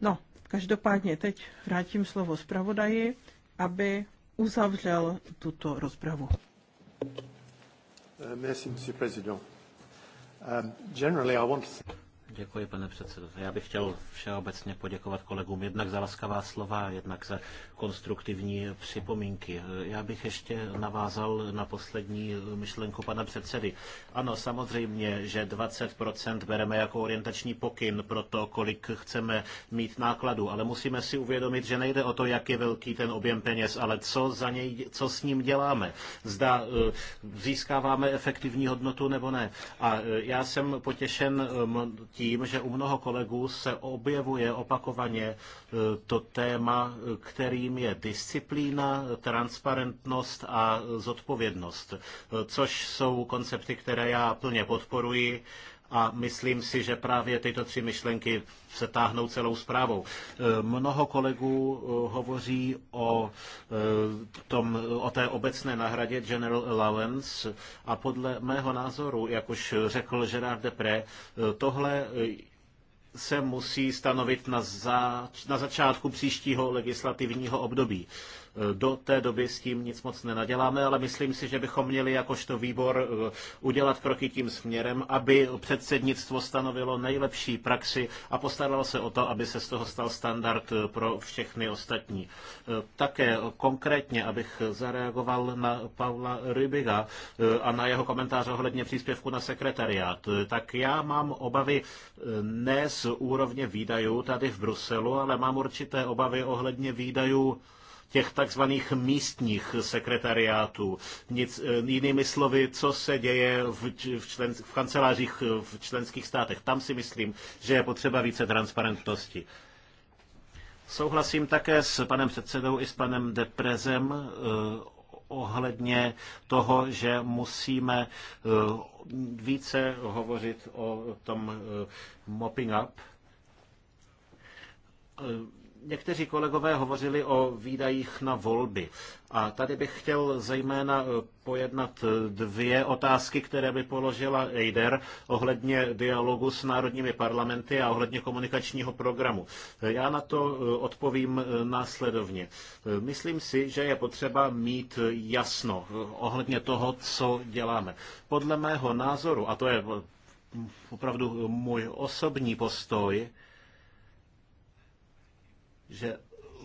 No, Každopádně teď vrátím slovo zpravodaji, aby uzavřel tuto rozpravu. Uh, merci, monsieur président. Um, generally, I want to... Děkuji, pane předsedo. Já bych chtěl všeobecně poděkovat kolegům jednak za laskavá slova, jednak za konstruktivní připomínky. Já bych ještě navázal na poslední myšlenku pana předsedy. Ano, samozřejmě, že 20% bereme jako orientační pokyn pro to, kolik chceme mít nákladů, ale musíme si uvědomit, že nejde o to, jak je velký ten objem peněz, ale co, za něj, co s ním děláme. Zda eh, získáváme efektivní hodnotu nebo ne. A eh, já jsem potěšen tím, že u mnoho kolegů se objevuje opakovaně e, to téma, kterým je disciplína, transparentnost a zodpovědnost, e, což jsou koncepty, které já plně podporuji a myslím si, že právě tyto tři myšlenky se táhnou celou zprávou. E, mnoho kolegů e, hovoří o, e, tom, o té obecné nahradě General Allowance a podle mého názoru, jak už řekl Gerard Depré, tohle se musí stanovit na, zač- na začátku příštího legislativního období. Do té doby s tím nic moc nenaděláme, ale myslím si, že bychom měli jakožto výbor eh, udělat kroky tím směrem, aby předsednictvo stanovilo nejlepší praxi a postaralo se o to, aby se z toho stal standard eh, pro všechny ostatní. Eh, také konkrétně, abych zareagoval na Paula Rybiga a na jeho komentář ohledně příspěvku na sekretariát, tak já mám obavy ne z úrovně výdajů tady v Bruselu, ale mám určité obavy ohledně výdajů těch takzvaných místních sekretariátů. Nic, eh, jinými slovy, co se děje v, člen, v kancelářích eh, v členských státech. Tam si myslím, že je potřeba více transparentnosti. Souhlasím také s panem předsedou i s panem Deprezem eh, ohledně toho, že musíme více hovořit o tom mopping up. Někteří kolegové hovořili o výdajích na volby. A tady bych chtěl zejména e, pojednat e, dvě otázky, které by položila Eider ohledně dialogu s národními parlamenty a ohledně komunikačního programu. E, já na to odpovím následovně. Myslím si, že je potřeba mít jasno ohledně toho, co děláme. Podle mého názoru, a to je opravdu můj osobní postoj, že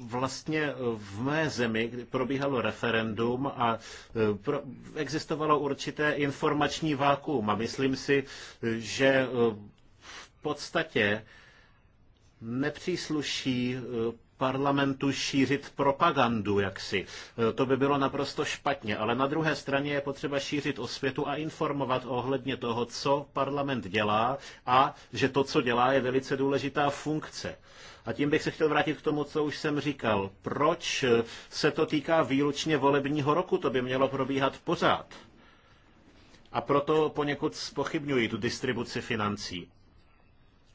vlastně v mé zemi, kdy probíhalo referendum a e, pro, existovalo určité informační vákuum a myslím si, že e, v podstatě nepřísluší e, parlamentu šířit propagandu jaksi. To by bylo naprosto špatně, ale na druhé straně je potřeba šířit osvětu a informovat ohledně toho, co parlament dělá a že to, co dělá, je velice důležitá funkce. A tím bych se chtěl vrátit k tomu, co už jsem říkal. Proč se to týká výlučně volebního roku? To by mělo probíhat pořád. A proto poněkud spochybňuji tu distribuci financí.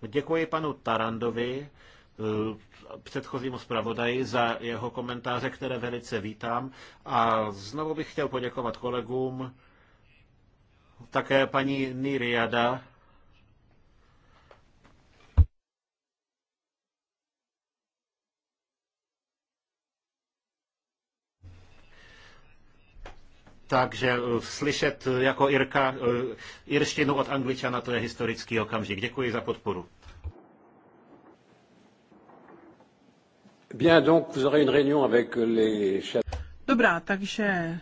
Děkuji panu Tarandovi, eh, předchozímu zpravodaji, za jeho komentáře, které velice vítám. A znovu bych chtěl poděkovat kolegům, také paní Niriada Takže eh, slyšet eh, jako Irka eh, irštinu od Angličana, to je historický okamžik. Děkuji za podporu. Bien, donc vous aurez une réunion avec euh, les... Dobrá, takže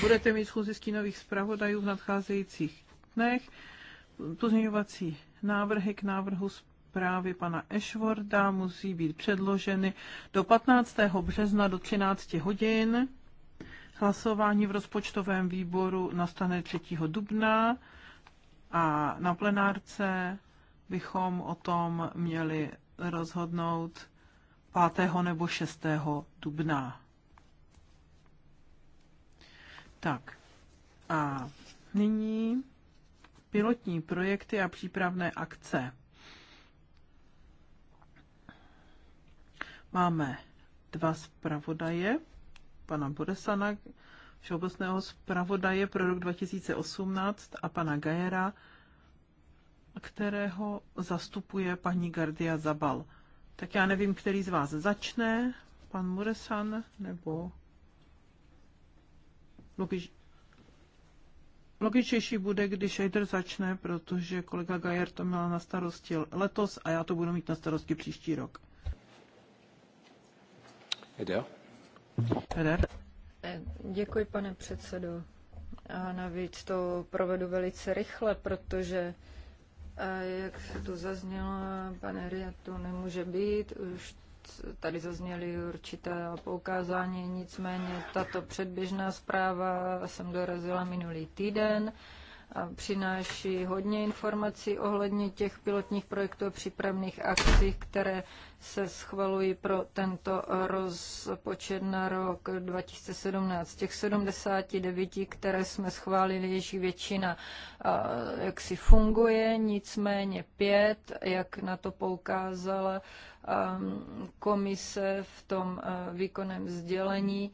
budete mít schůzi stínových zpravodajů v nadcházejících dnech. Pozměňovací návrhy k návrhu zprávy pana Ashworda musí být předloženy do 15. března do 13 hodin. Hlasování v rozpočtovém výboru nastane 3. dubna a na plenárce bychom o tom měli rozhodnout 5. nebo 6. dubna. Tak a nyní pilotní projekty a přípravné akce. Máme dva zpravodaje pana Budesana, všeobecného zpravodaje pro rok 2018 a pana Gajera, kterého zastupuje paní Gardia Zabal. Tak já nevím, který z vás začne, pan Muresan nebo Lukiš. Logičtější bude, když Šejder začne, protože kolega Gajer to měl na starosti letos a já to budu mít na starosti příští rok. Eider? Eh, děkuji, pane předsedo. A navíc to provedu velice rychle, protože eh, jak se to zaznělo, pane Ria to nemůže být, už tady zazněly určité poukázání, nicméně tato předběžná zpráva jsem dorazila minulý týden přináší hodně informací ohledně těch pilotních projektů a přípravných akcí, které se schvalují pro tento rozpočet na rok 2017. Těch 79, které jsme schválili, již většina jak si funguje, nicméně pět, jak na to poukázala komise v tom výkonném sdělení,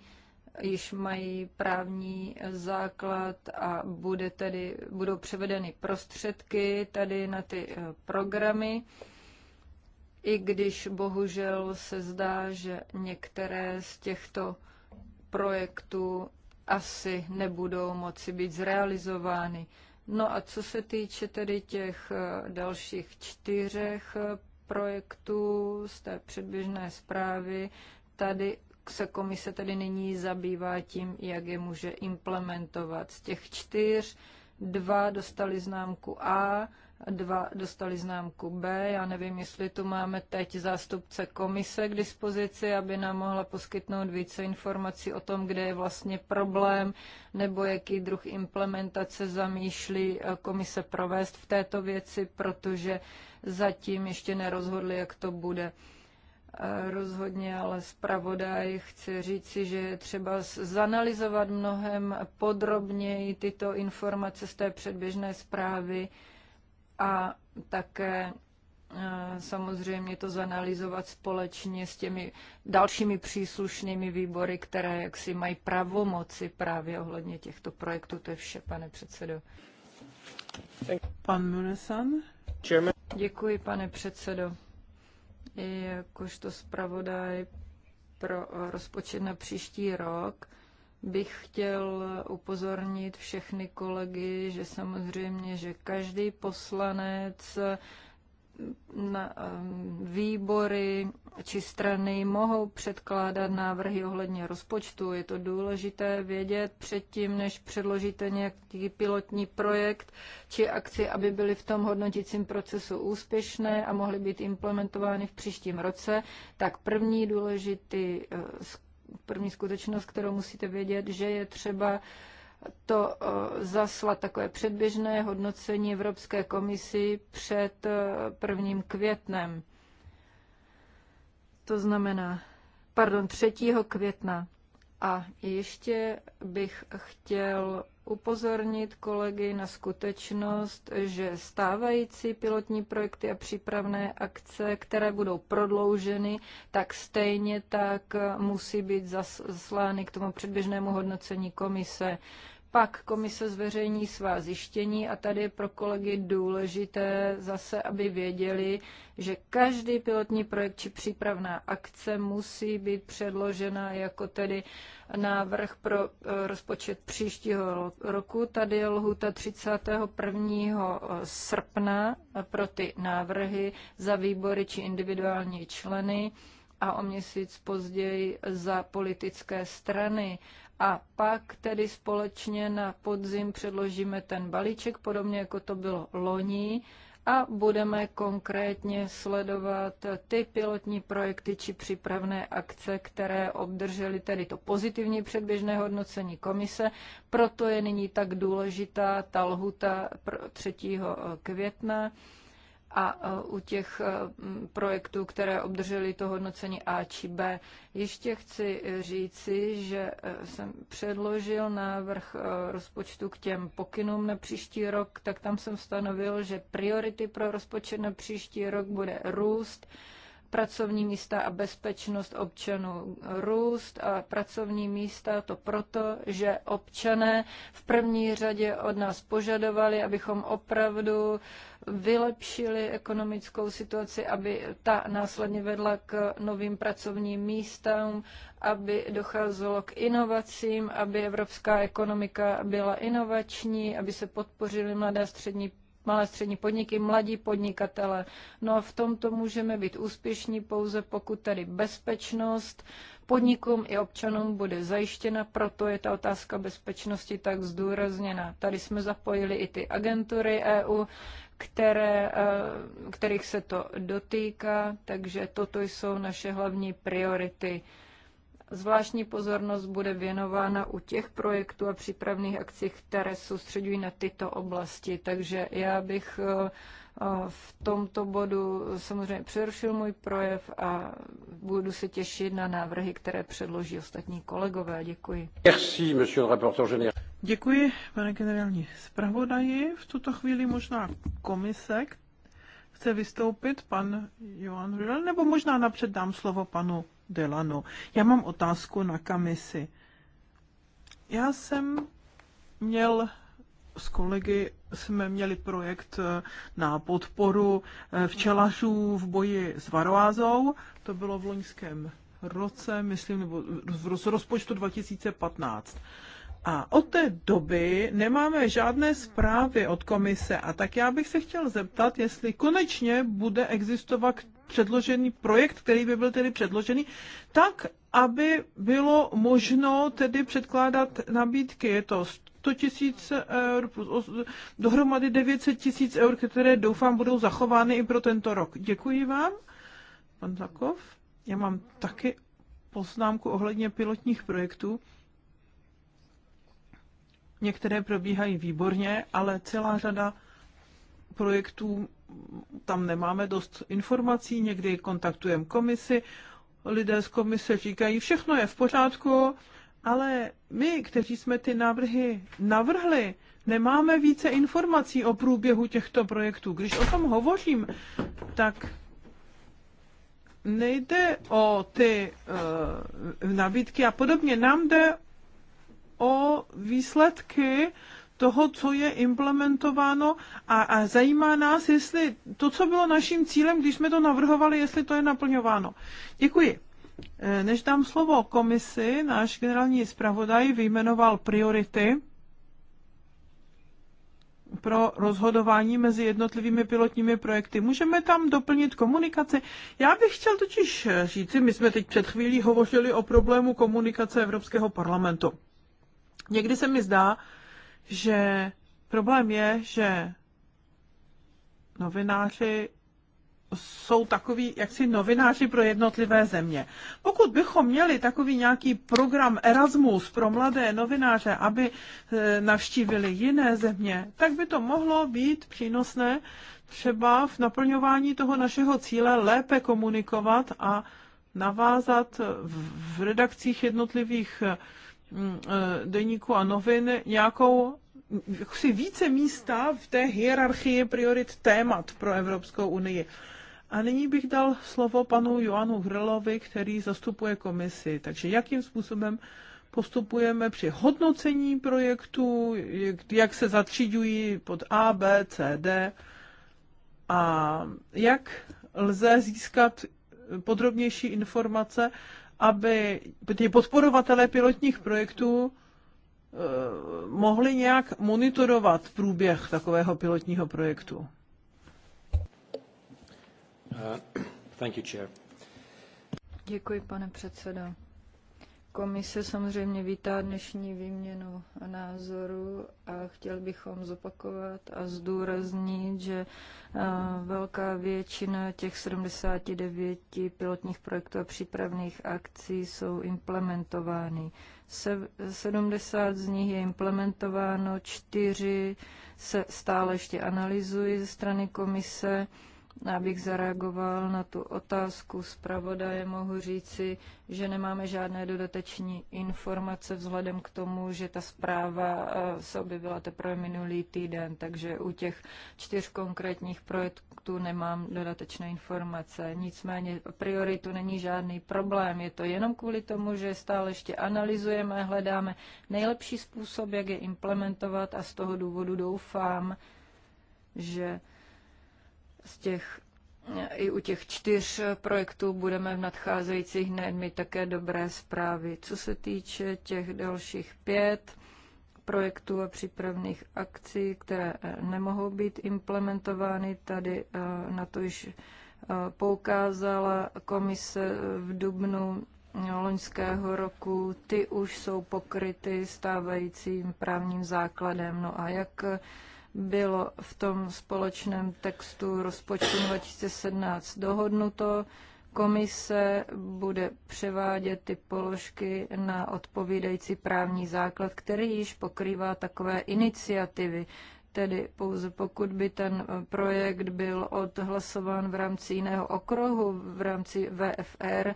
již mají právní základ a bude tedy, budou převedeny prostředky tady na ty eh, programy. I když bohužel se zdá, že některé z těchto projektů asi nebudou moci být zrealizovány. No a co se týče tedy těch eh, dalších čtyřech eh, projektů z té předběžné zprávy, tady se komise tedy nyní zabývá tím, jak je může implementovat. Z těch čtyř dva dostali známku A, dva dostali známku B. Já nevím, jestli tu máme teď zástupce komise k dispozici, aby nám mohla poskytnout více informací o tom, kde je vlastně problém nebo jaký druh implementace zamýšlí eh, komise provést v této věci, protože zatím ještě nerozhodli, jak to bude. Eh, rozhodně, ale zpravodaj chce říci, že je třeba zanalizovat mnohem podrobněji tyto informace z té předběžné zprávy a také eh, samozřejmě to zanalizovat společně s těmi dalšími příslušnými výbory, které jaksi mají pravomoci právě ohledně těchto projektů. To je vše, pane předsedo. Pan Munesan. Děkuji, pane předsedo jakožto zpravodaj pro rozpočet na příští rok, bych chtěl upozornit všechny kolegy, že samozřejmě, že každý poslanec na eh, výbory či strany mohou předkládat návrhy ohledně rozpočtu. Je to důležité vědět předtím, než předložíte nějaký pilotní projekt či akci, aby byly v tom hodnotícím procesu úspěšné a mohly být implementovány v příštím roce. Tak první důležitý, eh, první skutečnost, kterou musíte vědět, že je třeba uh, to eh, zasla takové předběžné hodnocení Evropské komisi před eh, prvním květnem. To znamená, pardon, 3. května. A ještě bych chtěl upozornit kolegy na skutečnost, že stávající pilotní projekty a přípravné akce, které budou prodlouženy, tak stejně tak musí být zaslány k tomu předběžnému hodnocení komise. Pak komise zveřejní svá zjištění a tady je pro kolegy důležité zase, aby věděli, že každý pilotní projekt či přípravná akce musí být předložena jako tedy návrh pro eh, rozpočet příštího roku. Tady je lhuta 31. Eh, srpna eh, pro ty návrhy za výbory či individuální členy a o měsíc později za politické strany a pak tedy společně na podzim předložíme ten balíček, podobně jako to bylo loni, a budeme konkrétně sledovat ty pilotní projekty či přípravné akce, které obdržely tedy to pozitivní předběžné hodnocení komise. Proto je nyní tak důležitá ta lhuta 3. května a e, u těch e, projektů, které obdržely to hodnocení A či B. Ještě chci e, říci, že jsem předložil návrh rozpočtu k těm pokynům na příští rok, tak tam jsem stanovil, že priority pro rozpočet na příští rok bude růst, pracovní místa a bezpečnost občanů. Růst a pracovní místa to proto, že občané v první řadě od nás požadovali, abychom opravdu vylepšili ekonomickou situaci, aby ta následně vedla k novým pracovním místům, aby docházelo k inovacím, aby evropská ekonomika byla inovační, aby se podpořily mladé střední malé střední podniky, mladí podnikatele. No a v tomto můžeme být úspěšní pouze, pokud tady bezpečnost podnikům i občanům bude zajištěna, proto je ta otázka bezpečnosti tak zdůrazněna. Tady jsme zapojili i ty agentury EU, které, eh, kterých se to dotýká, takže toto jsou naše hlavní priority. Zvláštní pozornost bude věnována u těch projektů a přípravných akcí, které soustředují na tyto oblasti. Takže já bych eh, v tomto bodu samozřejmě přerušil můj projev a budu se těšit na návrhy, které předloží ostatní kolegové. Děkuji. Merci, monsieur rapporteur général. Děkuji, pane generální zpravodaji. V tuto chvíli možná komise chce vystoupit pan Johan Rudel, nebo možná napřed dám slovo panu Delano. Já mám otázku na kamisi. Já jsem měl s kolegy jsme měli projekt eh, na podporu eh, včelařů v boji s varoázou. To bylo v loňském roce, myslím, nebo z rozpočtu 2015. A od té doby nemáme žádné zprávy od komise. A tak já bych se chtěl zeptat, jestli konečně bude existovat předložený projekt, který by byl tedy předložený, tak, aby bylo možno tedy předkládat nabídky. Je to 100 tisíc eur plus dohromady 900 tisíc eur, které doufám budou zachovány i pro tento rok. Děkuji vám, pan Zakov. Já mám taky poznámku ohledně pilotních projektů. Některé probíhají výborně, ale celá řada projektů tam nemáme dost informací, někdy kontaktujeme komisi, lidé z komise říkají, všechno je v pořádku, ale my, kteří jsme ty návrhy navrhli, nemáme více informací o průběhu těchto projektů. Když o tom hovořím, tak nejde o ty uh, nabídky a podobně. Nám jde o výsledky toho, co je implementováno a, a zajímá nás, jestli to, co bylo naším cílem, když jsme to navrhovali, jestli to je naplňováno. Děkuji. E, než dám slovo komisi, náš generální zpravodaj vyjmenoval priority pro rozhodování mezi jednotlivými pilotními projekty. Můžeme tam doplnit komunikaci. Já bych chtěl totiž říct, my jsme teď před chvílí hovořili o problému komunikace Evropského parlamentu. Někdy se mi zdá, že problém je, že novináři jsou takový si novináři pro jednotlivé země. Pokud bychom měli takový nějaký program Erasmus pro mladé novináře, aby e, navštívili jiné země, tak by to mohlo být přínosné třeba v naplňování toho našeho cíle lépe komunikovat a navázat v redakcích jednotlivých Mm, eh, deníku a novin nějakou si více místa v té hierarchii priorit témat pro Evropskou unii. A nyní bych dal slovo panu Joanu Hrlovi, který zastupuje komisi. Takže jakým způsobem postupujeme při hodnocení projektu, jak se zatřídují pod A, B, C, D a jak lze získat podrobnější informace aby ty podporovatelé pilotních projektů e, mohli nějak monitorovat průběh takového pilotního projektu. Uh, Děkuji, pane předsedo. Komise samozřejmě vítá dnešní výměnu názoru a chtěl bychom zopakovat a zdůraznit, že eh, velká většina těch 79 pilotních projektů a přípravných akcí jsou implementovány. 70 z nich je implementováno, 4 se stále ještě analyzují ze strany komise Abych zareagoval na tu otázku zpravodaje, mohu říci, že nemáme žádné dodateční informace vzhledem k tomu, že ta zpráva eh, se objevila teprve minulý týden, takže u těch čtyř konkrétních projektů nemám dodatečné informace. Nicméně prioritu není žádný problém, je to jenom kvůli tomu, že stále ještě analyzujeme, hledáme nejlepší způsob, jak je implementovat a z toho důvodu doufám, že z těch, I u těch čtyř projektů budeme v nadcházejících dnech mít také dobré zprávy. Co se týče těch dalších pět projektů a přípravných akcí, které eh, nemohou být implementovány, tady eh, na to již eh, poukázala komise v dubnu loňského roku, ty už jsou pokryty stávajícím právním základem. No a jak bylo v tom společném textu rozpočtu 2017 dohodnuto. Komise bude převádět ty položky na odpovídající právní základ, který již pokrývá takové iniciativy. Tedy pouze pokud by ten projekt byl odhlasován v rámci jiného okruhu, v rámci VFR,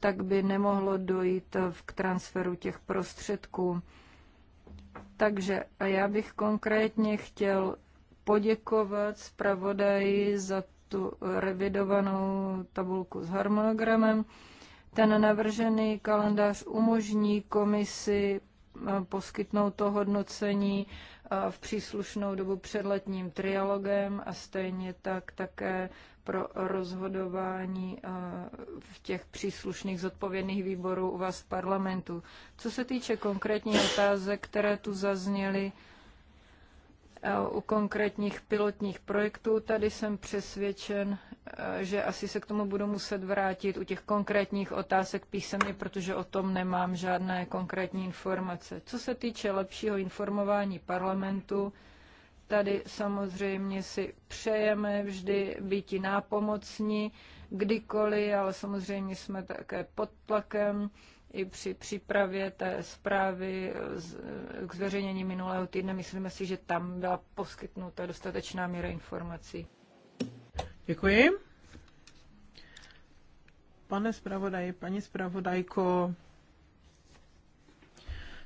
tak by nemohlo dojít k transferu těch prostředků. Takže a já bych konkrétně chtěl poděkovat zpravodaji za tu revidovanou tabulku s harmonogramem. Ten navržený kalendář umožní komisi eh, poskytnout to hodnocení v příslušnou dobu před letním trialogem a stejně tak také pro rozhodování v těch příslušných zodpovědných výborů u vás v parlamentu. Co se týče konkrétních otázek, které tu zazněly, u konkrétních pilotních projektů. Tady jsem přesvědčen, e, že asi se k tomu budu muset vrátit u těch konkrétních otázek písemně, protože o tom nemám žádné konkrétní informace. Co se týče lepšího informování parlamentu, tady samozřejmě si přejeme vždy i nápomocní, kdykoliv, ale samozřejmě jsme také pod tlakem i při přípravě té zprávy k zveřejnění minulého týdne. Myslíme si, že tam byla poskytnuta dostatečná míra informací. Děkuji. Pane zpravodaji, paní zpravodajko,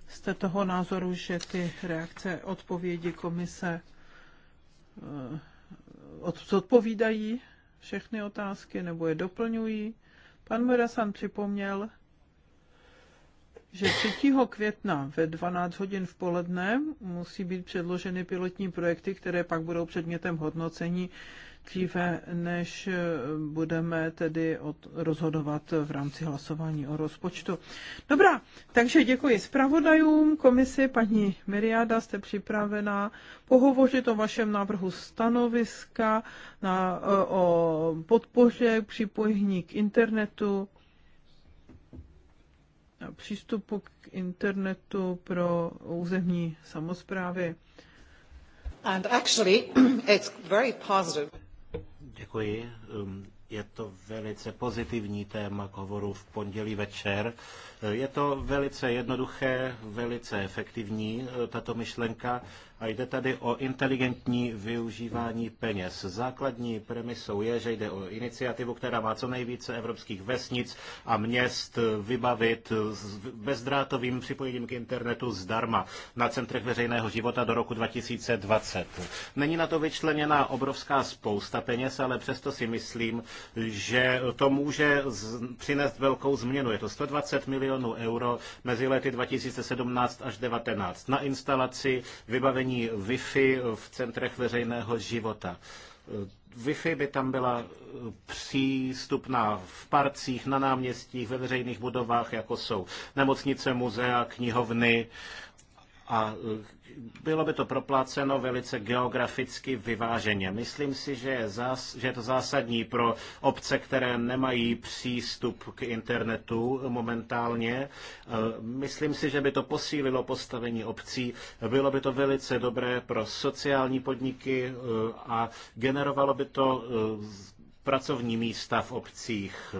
jste toho názoru, že ty reakce, odpovědi komise eh, odpovídají všechny otázky nebo je doplňují? Pan Morasan připomněl, že 3. května ve 12 hodin v poledne musí být předloženy pilotní projekty, které pak budou předmětem hodnocení dříve, než budeme tedy od, rozhodovat v rámci hlasování o rozpočtu. Dobrá, takže děkuji zpravodajům, komisi, paní Miriáda, jste připravená pohovořit o vašem návrhu stanoviska na, o podpoře připojení k internetu přístupu k internetu pro územní samozprávy. And actually, it's very positive. Děkuji. Um, je to velice pozitivní téma k hovoru v pondělí večer. Je to velice jednoduché, velice efektivní, e, tato myšlenka, a jde tady o inteligentní využívání peněz. Základní premisou je, že jde o iniciativu, která má co nejvíce evropských vesnic a měst vybavit bezdrátovým připojením k internetu zdarma na centrech veřejného života do roku 2020. Není na to vyčleněná obrovská spousta peněz, ale přesto si myslím, že to může přinést velkou změnu. Je to 120 milionů euro mezi lety 2017 až 2019 na instalaci, vybavení zavedení Wi-Fi v centrech veřejného života. Wi-Fi by tam byla přístupná v parcích, na náměstích, ve veřejných budovách, jako jsou nemocnice, muzea, knihovny a bylo by to propláceno velice geograficky vyváženě. Myslím si, že je, zás, že je to zásadní pro obce, které nemají přístup k internetu momentálně. E, myslím si, že by to posílilo postavení obcí. Bylo by to velice dobré pro sociální podniky e, a generovalo by to e, pracovní místa v obcích.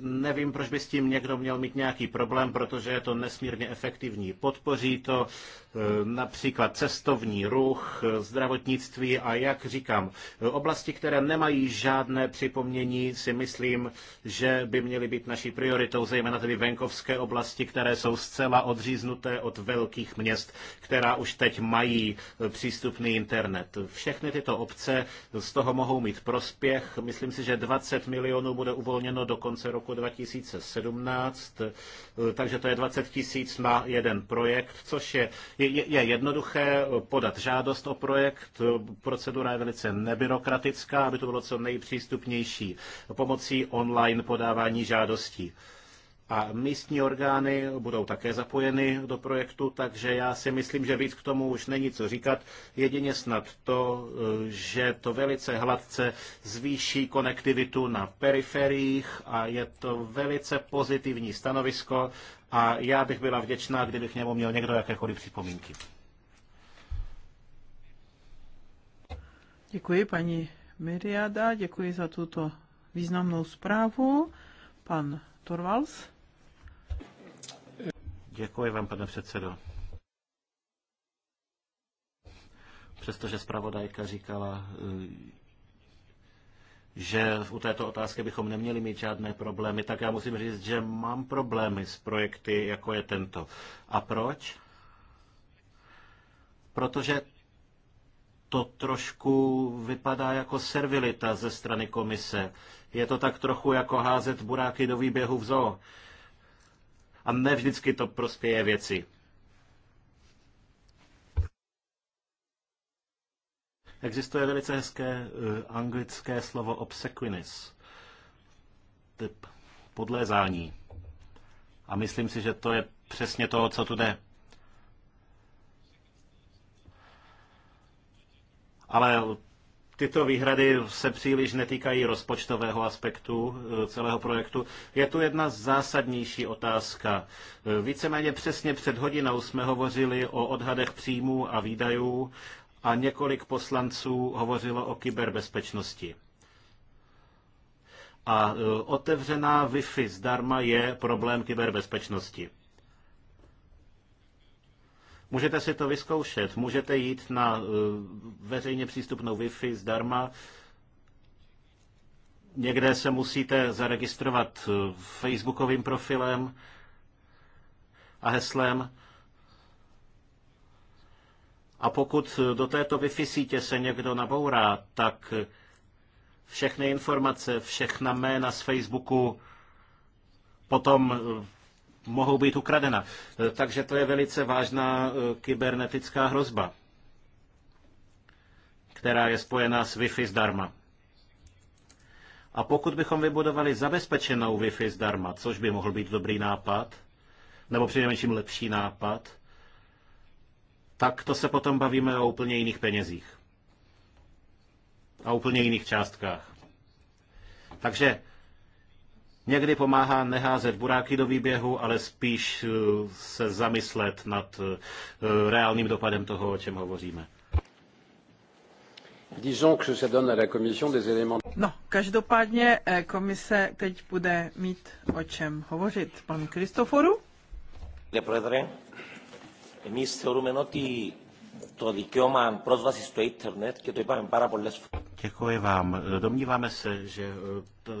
Nevím, proč by s tím někdo měl mít nějaký problém, protože je to nesmírně efektivní. Podpoří to Eh, například cestovní ruch, eh, zdravotnictví a jak říkám, eh, oblasti, které nemají žádné připomnění, si myslím, že by měly být naší prioritou, zejména tedy venkovské oblasti, které jsou zcela odříznuté od velkých měst, která už teď mají přístupný internet. Všechny tyto obce z toho mohou mít prospěch. Myslím si, že 20 milionů bude uvolněno do konce roku 2017, takže to je 20 tisíc na jeden projekt, což je je, je jednoduché podat žádost o projekt, procedura je velice nebyrokratická, aby to bylo co nejpřístupnější pomocí online podávání žádostí. A místní orgány budou také zapojeny do projektu, takže já si myslím, že víc k tomu už není co říkat. Jedině snad to, že to velice hladce zvýší konektivitu na periferiích a je to velice pozitivní stanovisko a já bych byla vděčná, kdyby k němu měl někdo jakékoliv připomínky. Děkuji paní Miriada, děkuji za tuto významnou zprávu. Pan Torvalds. Děkuji vám, pane předsedo. Přestože zpravodajka říkala, eh, že u této otázky bychom neměli mít žádné problémy, tak já musím říct, že mám problémy s projekty, jako je tento. A proč? Protože to trošku vypadá jako servilita ze strany komise. Je to tak trochu jako házet buráky do výběhu v zoo a ne vždycky to prospěje věci. Existuje velice hezké eh, anglické slovo obsequinis, typ podlézání. A myslím si, že to je přesně to, co tu jde. Ale Tyto výhrady se příliš netýkají rozpočtového aspektu e, celého projektu. Je tu jedna zásadnější otázka. E, víceméně přesně před hodinou jsme hovořili o odhadech příjmů a výdajů a několik poslanců hovořilo o kyberbezpečnosti. A e, otevřená Wi-Fi zdarma je problém kyberbezpečnosti. Můžete si to vyzkoušet, můžete jít na eh, veřejně přístupnou Wi-Fi zdarma, někde se musíte zaregistrovat eh, facebookovým profilem a heslem. A pokud eh, do této Wi-Fi sítě se někdo nabourá, tak všechny informace, všechna jména z Facebooku potom mohou být ukradena. E, takže to je velice vážná e, kybernetická hrozba, která je spojená s Wi-Fi zdarma. A pokud bychom vybudovali zabezpečenou Wi-Fi zdarma, což by mohl být dobrý nápad, nebo přinejmenším lepší nápad, tak to se potom bavíme o úplně jiných penězích a úplně jiných částkách. Takže Někdy pomáhá neházet buráky do výběhu, ale spíš eh, se zamyslet nad eh, reálným dopadem toho, o čem hovoříme. No, každopádně eh, komise teď bude mít o čem hovořit. Pan Kristoforu? το δικαίωμα πρόσβαση στο ίντερνετ και το είπαμε πάρα πολλές φορές. Děkuji vám. Domníváme se, že eh, to,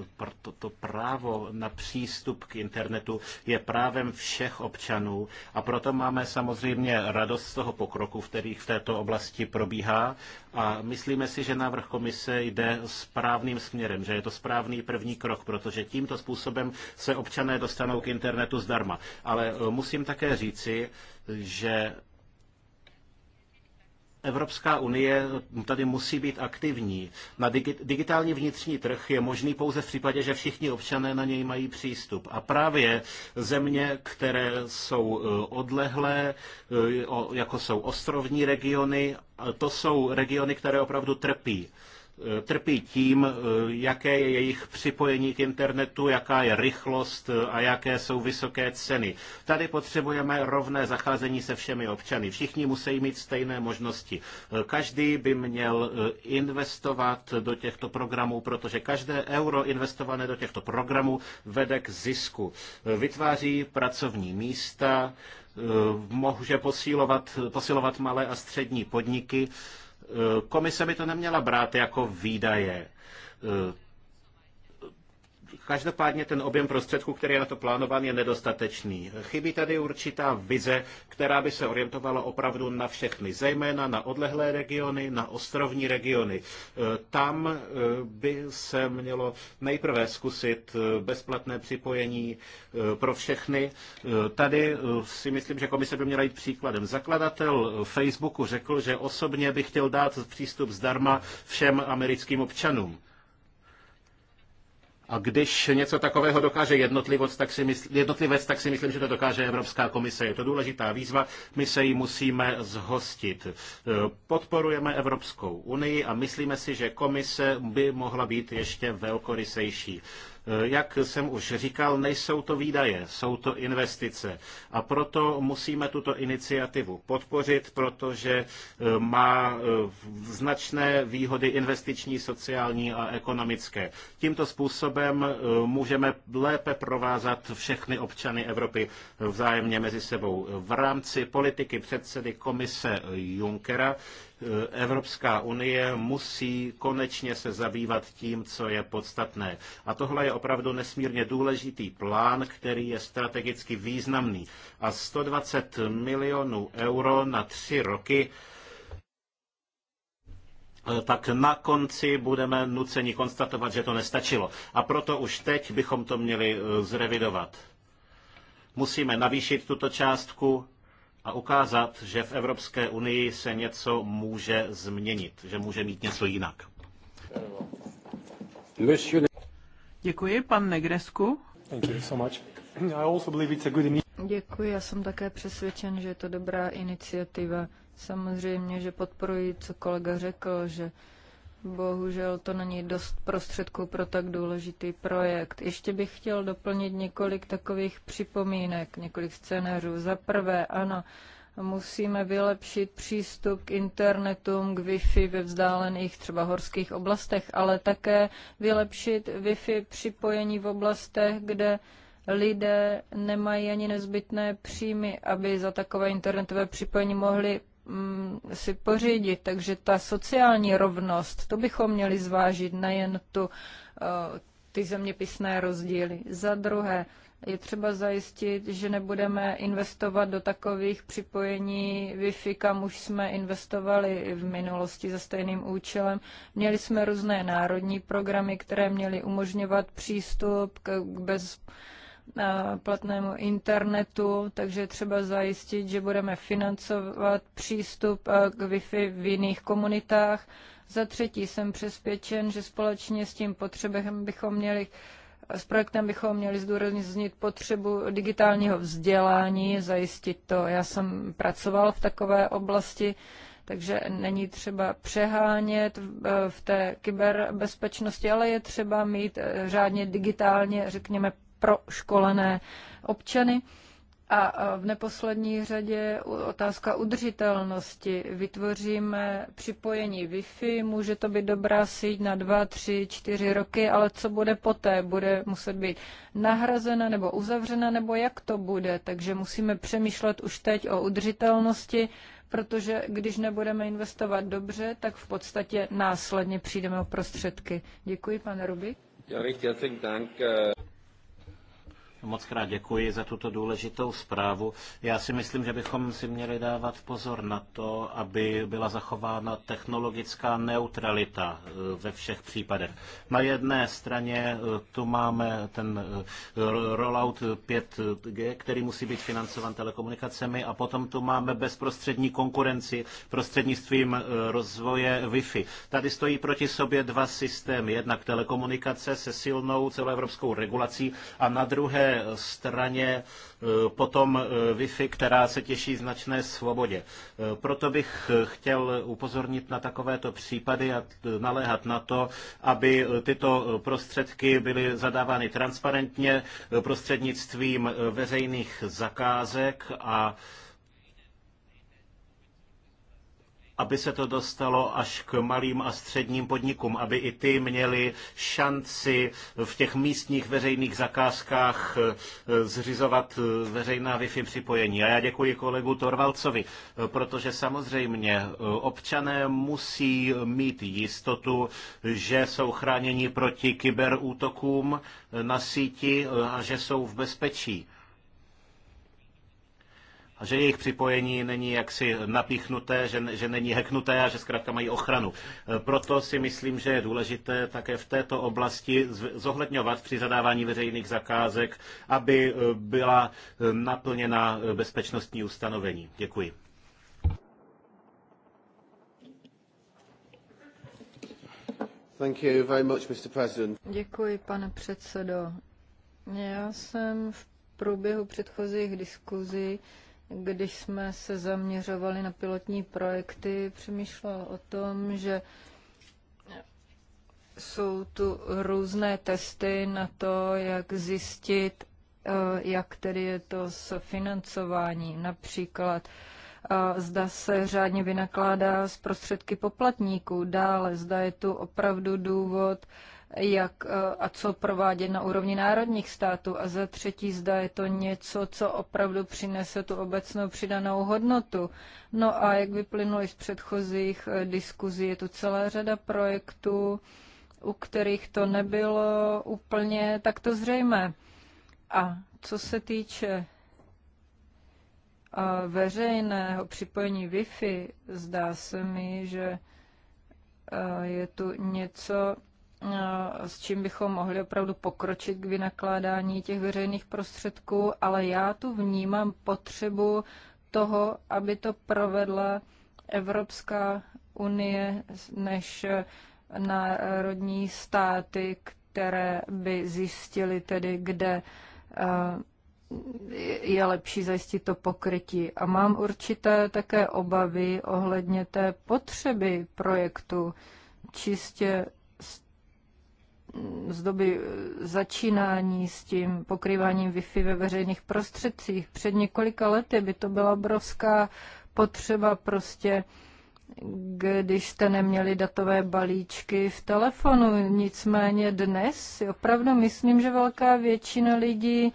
to, to právo na přístup k internetu je právem všech občanů a proto máme samozřejmě radost z toho pokroku, v kterých v této oblasti probíhá a myslíme si, že návrh komise jde správným směrem, že je to správný první krok, protože tímto způsobem se občané dostanou k internetu zdarma. Ale eh, musím také říci, že Evropská unie tady musí být aktivní. Na digitální vnitřní trh je možný pouze v případě, že všichni občané na něj mají přístup. A právě země, které jsou e, odlehlé, e, jako jsou ostrovní regiony, to jsou regiony, které opravdu trpí Eh, trpí tím, eh, jaké je jejich připojení k internetu, jaká je rychlost eh, a jaké jsou vysoké ceny. Tady potřebujeme rovné zacházení se všemi občany. Všichni musí mít stejné možnosti. Každý by měl investovat do těchto programů, protože každé euro investované do těchto programů vede k zisku. Vytváří pracovní místa, může posilovat, posilovat malé a střední podniky Komise by to neměla brát jako výdaje Každopádně ten objem prostředků, který je na to plánován, je nedostatečný. Chybí tady určitá vize, která by se orientovala opravdu na všechny, zejména na odlehlé regiony, na ostrovní regiony. E, tam e, by se mělo nejprve zkusit e, bezplatné připojení pro všechny. Tady si myslím, že komise by měla jít příkladem. Zakladatel Facebooku řekl, že osobně by chtěl dát přístup zdarma všem americkým občanům. A když něco takového dokáže jednotlivost, tak si, mysl, jednotlivec, tak si myslím, že to dokáže Evropská komise. Je to důležitá výzva, my se ji musíme zhostit. E, podporujeme Evropskou unii a myslíme si, že komise by mohla být ještě velkorysejší. Jak jsem už říkal, nejsou to výdaje, jsou to investice. A proto musíme tuto iniciativu podpořit, protože e, má e, značné výhody investiční, sociální a ekonomické. Tímto způsobem e, můžeme lépe provázat všechny občany Evropy vzájemně mezi sebou. V rámci politiky předsedy komise Junckera Eh, Evropská unie musí konečně se zabývat tím, co je podstatné. A tohle je opravdu nesmírně důležitý plán, který je strategicky významný. A 120 milionů euro na tři roky eh, tak na konci budeme nuceni konstatovat, že to nestačilo. A proto už teď bychom to měli eh, zrevidovat. Musíme navýšit tuto částku a ukázat, že v Evropské unii se něco může změnit, že může mít něco jinak. Děkuji, pan Negresku. Děkuji, já jsem také přesvědčen, že je to dobrá iniciativa. Samozřejmě, že podporuji, co kolega řekl, že Bohužel to není dost prostředků pro tak důležitý projekt. Ještě bych chtěl doplnit několik takových připomínek, několik scénářů. Za prvé, ano, musíme vylepšit přístup k internetům, k Wi-Fi ve vzdálených třeba horských oblastech, ale také vylepšit Wi-Fi připojení v oblastech, kde lidé nemají ani nezbytné příjmy, aby za takové internetové připojení mohli Mm, si pořídit. Takže ta sociální rovnost, to bychom měli zvážit, nejen tu, eh, ty zeměpisné rozdíly. Za druhé, je třeba zajistit, že nebudeme investovat do takových připojení Wi-Fi, kam už jsme investovali v minulosti za stejným účelem. Měli jsme různé národní programy, které měly umožňovat přístup k bez platnému internetu, takže třeba zajistit, že budeme financovat přístup eh, k Wi-Fi v jiných komunitách. Za třetí jsem přesvědčen, že společně s tím potřebem bychom měli s projektem bychom měli zdůraznit potřebu digitálního vzdělání, zajistit to. Já jsem pracoval v takové oblasti, takže není třeba přehánět eh, v té kyberbezpečnosti, ale je třeba mít eh, řádně digitálně, řekněme, proškolené občany. A v neposlední řadě otázka udržitelnosti. Vytvoříme připojení Wi-Fi, může to být dobrá síť na 2, 3, 4 roky, ale co bude poté? Bude muset být nahrazena nebo uzavřena, nebo jak to bude? Takže musíme přemýšlet už teď o udržitelnosti, protože když nebudeme investovat dobře, tak v podstatě následně přijdeme o prostředky. Děkuji, pane Rubik. Moc krát děkuji za tuto důležitou zprávu. Já si myslím, že bychom si měli dávat pozor na to, aby byla zachována technologická neutralita eh, ve všech případech. Na jedné straně eh, tu máme ten eh, rollout 5G, který musí být financovan telekomunikacemi a potom tu máme bezprostřední konkurenci prostřednictvím rozvoje Wi-Fi. Tady stojí proti sobě dva systémy. Jednak telekomunikace se silnou celoevropskou regulací a na druhé straně e, potom e, Wi-Fi, která se těší značné svobodě. E, proto bych chtěl upozornit na takovéto případy a naléhat na to, aby tyto prostředky byly zadávány transparentně prostřednictvím veřejných zakázek a aby se to dostalo až k malým a středním podnikům, aby i ty měli šanci v těch místních veřejných zakázkách eh, zřizovat eh, veřejná Wi-Fi připojení. A já děkuji kolegu Torvalcovi, eh, protože samozřejmě občané musí mít jistotu, že jsou chráněni proti kyberútokům na síti a že jsou v bezpečí a že jejich připojení není jaksi napíchnuté, že, že není heknuté a že zkrátka mají ochranu. E, proto si myslím, že je důležité také v této oblasti zohledňovat při zadávání veřejných zakázek, aby e, byla e, naplněna bezpečnostní ustanovení. Děkuji. Thank you very much, Mr. President. Děkuji, pane předsedo. Já jsem v průběhu předchozích diskuzí když jsme se zaměřovali na pilotní projekty, přemýšlela o tom, že jsou tu různé testy na to, jak zjistit, eh, jak tedy je to s financováním. Například eh, zda se řádně vynakládá z prostředky poplatníků. Dále, zda je tu opravdu důvod jak eh, a co provádět na úrovni národních států a za třetí zda je to něco, co opravdu přinese tu obecnou přidanou hodnotu. No a jak vyplynulo z předchozích eh, diskuzí, je tu celá řada projektů, u kterých to nebylo úplně takto zřejmé. A co se týče eh, veřejného připojení Wi-Fi, zdá se mi, že je tu něco, s čím bychom mohli opravdu pokročit k vynakládání těch veřejných prostředků, ale já tu vnímám potřebu toho, aby to provedla Evropská unie než národní státy, které by zjistily tedy, kde je lepší zajistit to pokrytí. A mám určité také obavy ohledně té potřeby projektu čistě z doby e, začínání s tím pokrýváním Wi-Fi ve veřejných prostředcích. Před několika lety by to byla obrovská potřeba prostě když jste neměli datové balíčky v telefonu. Nicméně dnes si opravdu myslím, že velká většina lidí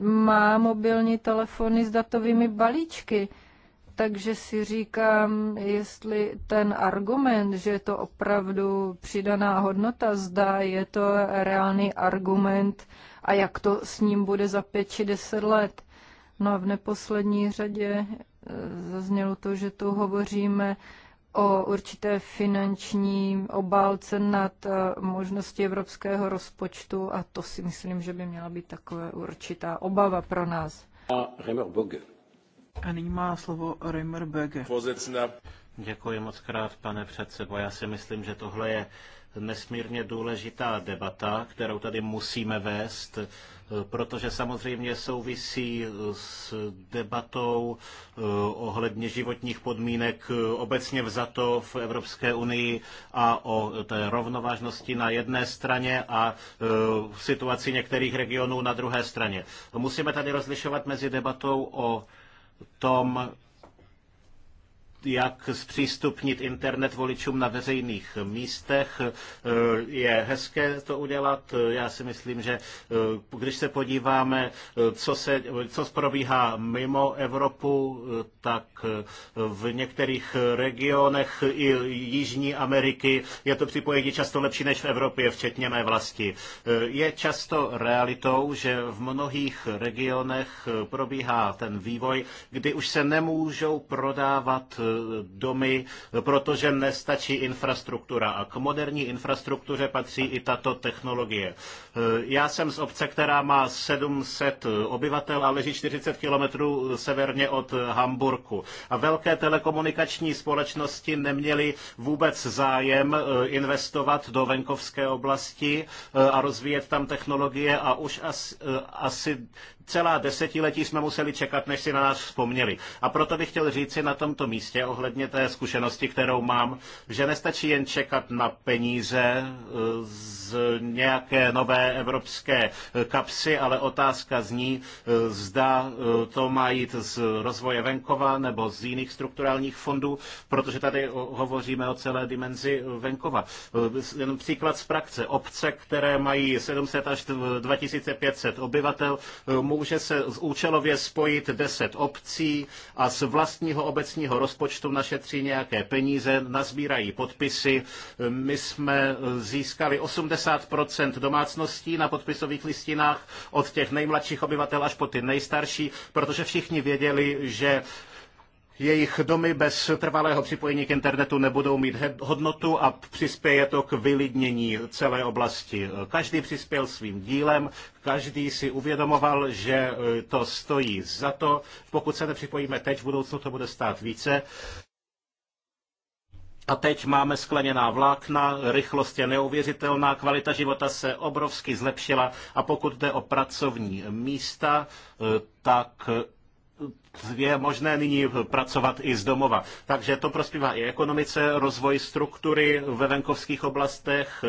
má mobilní telefony s datovými balíčky takže si říkám, jestli ten argument, že je to opravdu přidaná hodnota, zda je to reálný argument a jak to s ním bude za pět či deset let. No a v neposlední řadě eh, zaznělo to, že tu hovoříme o určité finanční obálce nad eh, možnosti evropského rozpočtu a to si myslím, že by měla být taková určitá obava pro nás. A Remer Boge. A nyní má slovo Reimer Děkuji moc krát, pane předsedo. Já si myslím, že tohle je nesmírně důležitá debata, kterou tady musíme vést, protože samozřejmě souvisí s debatou eh, ohledně životních podmínek eh, obecně vzato v Evropské unii a o té rovnovážnosti na jedné straně a eh, situaci některých regionů na druhé straně. Musíme tady rozlišovat mezi debatou o tom, jak zpřístupnit internet voličům na veřejných místech. Eh, je hezké to udělat. Já si myslím, že eh, když se podíváme, eh, co, se, co probíhá mimo Evropu, tak v některých regionech i Jižní Ameriky je to připojení často lepší než v Evropě, včetně mé vlasti. Je často realitou, že v mnohých regionech probíhá ten vývoj, kdy už se nemůžou prodávat domy, protože nestačí infrastruktura. A k moderní infrastruktuře patří i tato technologie. Já jsem z obce, která má 700 obyvatel a leží 40 kilometrů severně od Hamburku. A velké telekomunikační společnosti neměly vůbec zájem eh, investovat do venkovské oblasti eh, a rozvíjet tam technologie a už eh, asi, asi celá desetiletí jsme museli čekat, než si na nás vzpomněli. A proto bych chtěl říci na tomto místě ohledně té zkušenosti, kterou mám, že nestačí jen čekat na peníze e, z nějaké nové evropské e, kapsy, ale otázka zní, e, zda to má jít z rozvoje venkova nebo z jiných strukturálních fondů, protože tady hovoříme o celé dimenzi venkova. Jen příklad z praxe. Obce, které mají 700 až 2500 obyvatel, může se účelově spojit deset obcí a z vlastního obecního rozpočtu našetří nějaké peníze, nazbírají podpisy. My jsme získali 80% domácností na podpisových listinách od těch nejmladších obyvatel až po ty nejstarší, protože všichni věděli, že jejich domy bez trvalého připojení k internetu nebudou mít hodnotu a přispěje to k vylidnění celé oblasti. Každý přispěl svým dílem, každý si uvědomoval, že e, to stojí za to. Pokud se nepřipojíme teď, v budoucnu to bude stát více. A teď máme skleněná vlákna, rychlost je neuvěřitelná, kvalita života se obrovsky zlepšila a pokud jde o pracovní místa, e, tak je možné nyní pracovat i z domova. Takže to prospívá i ekonomice, rozvoj struktury ve venkovských oblastech,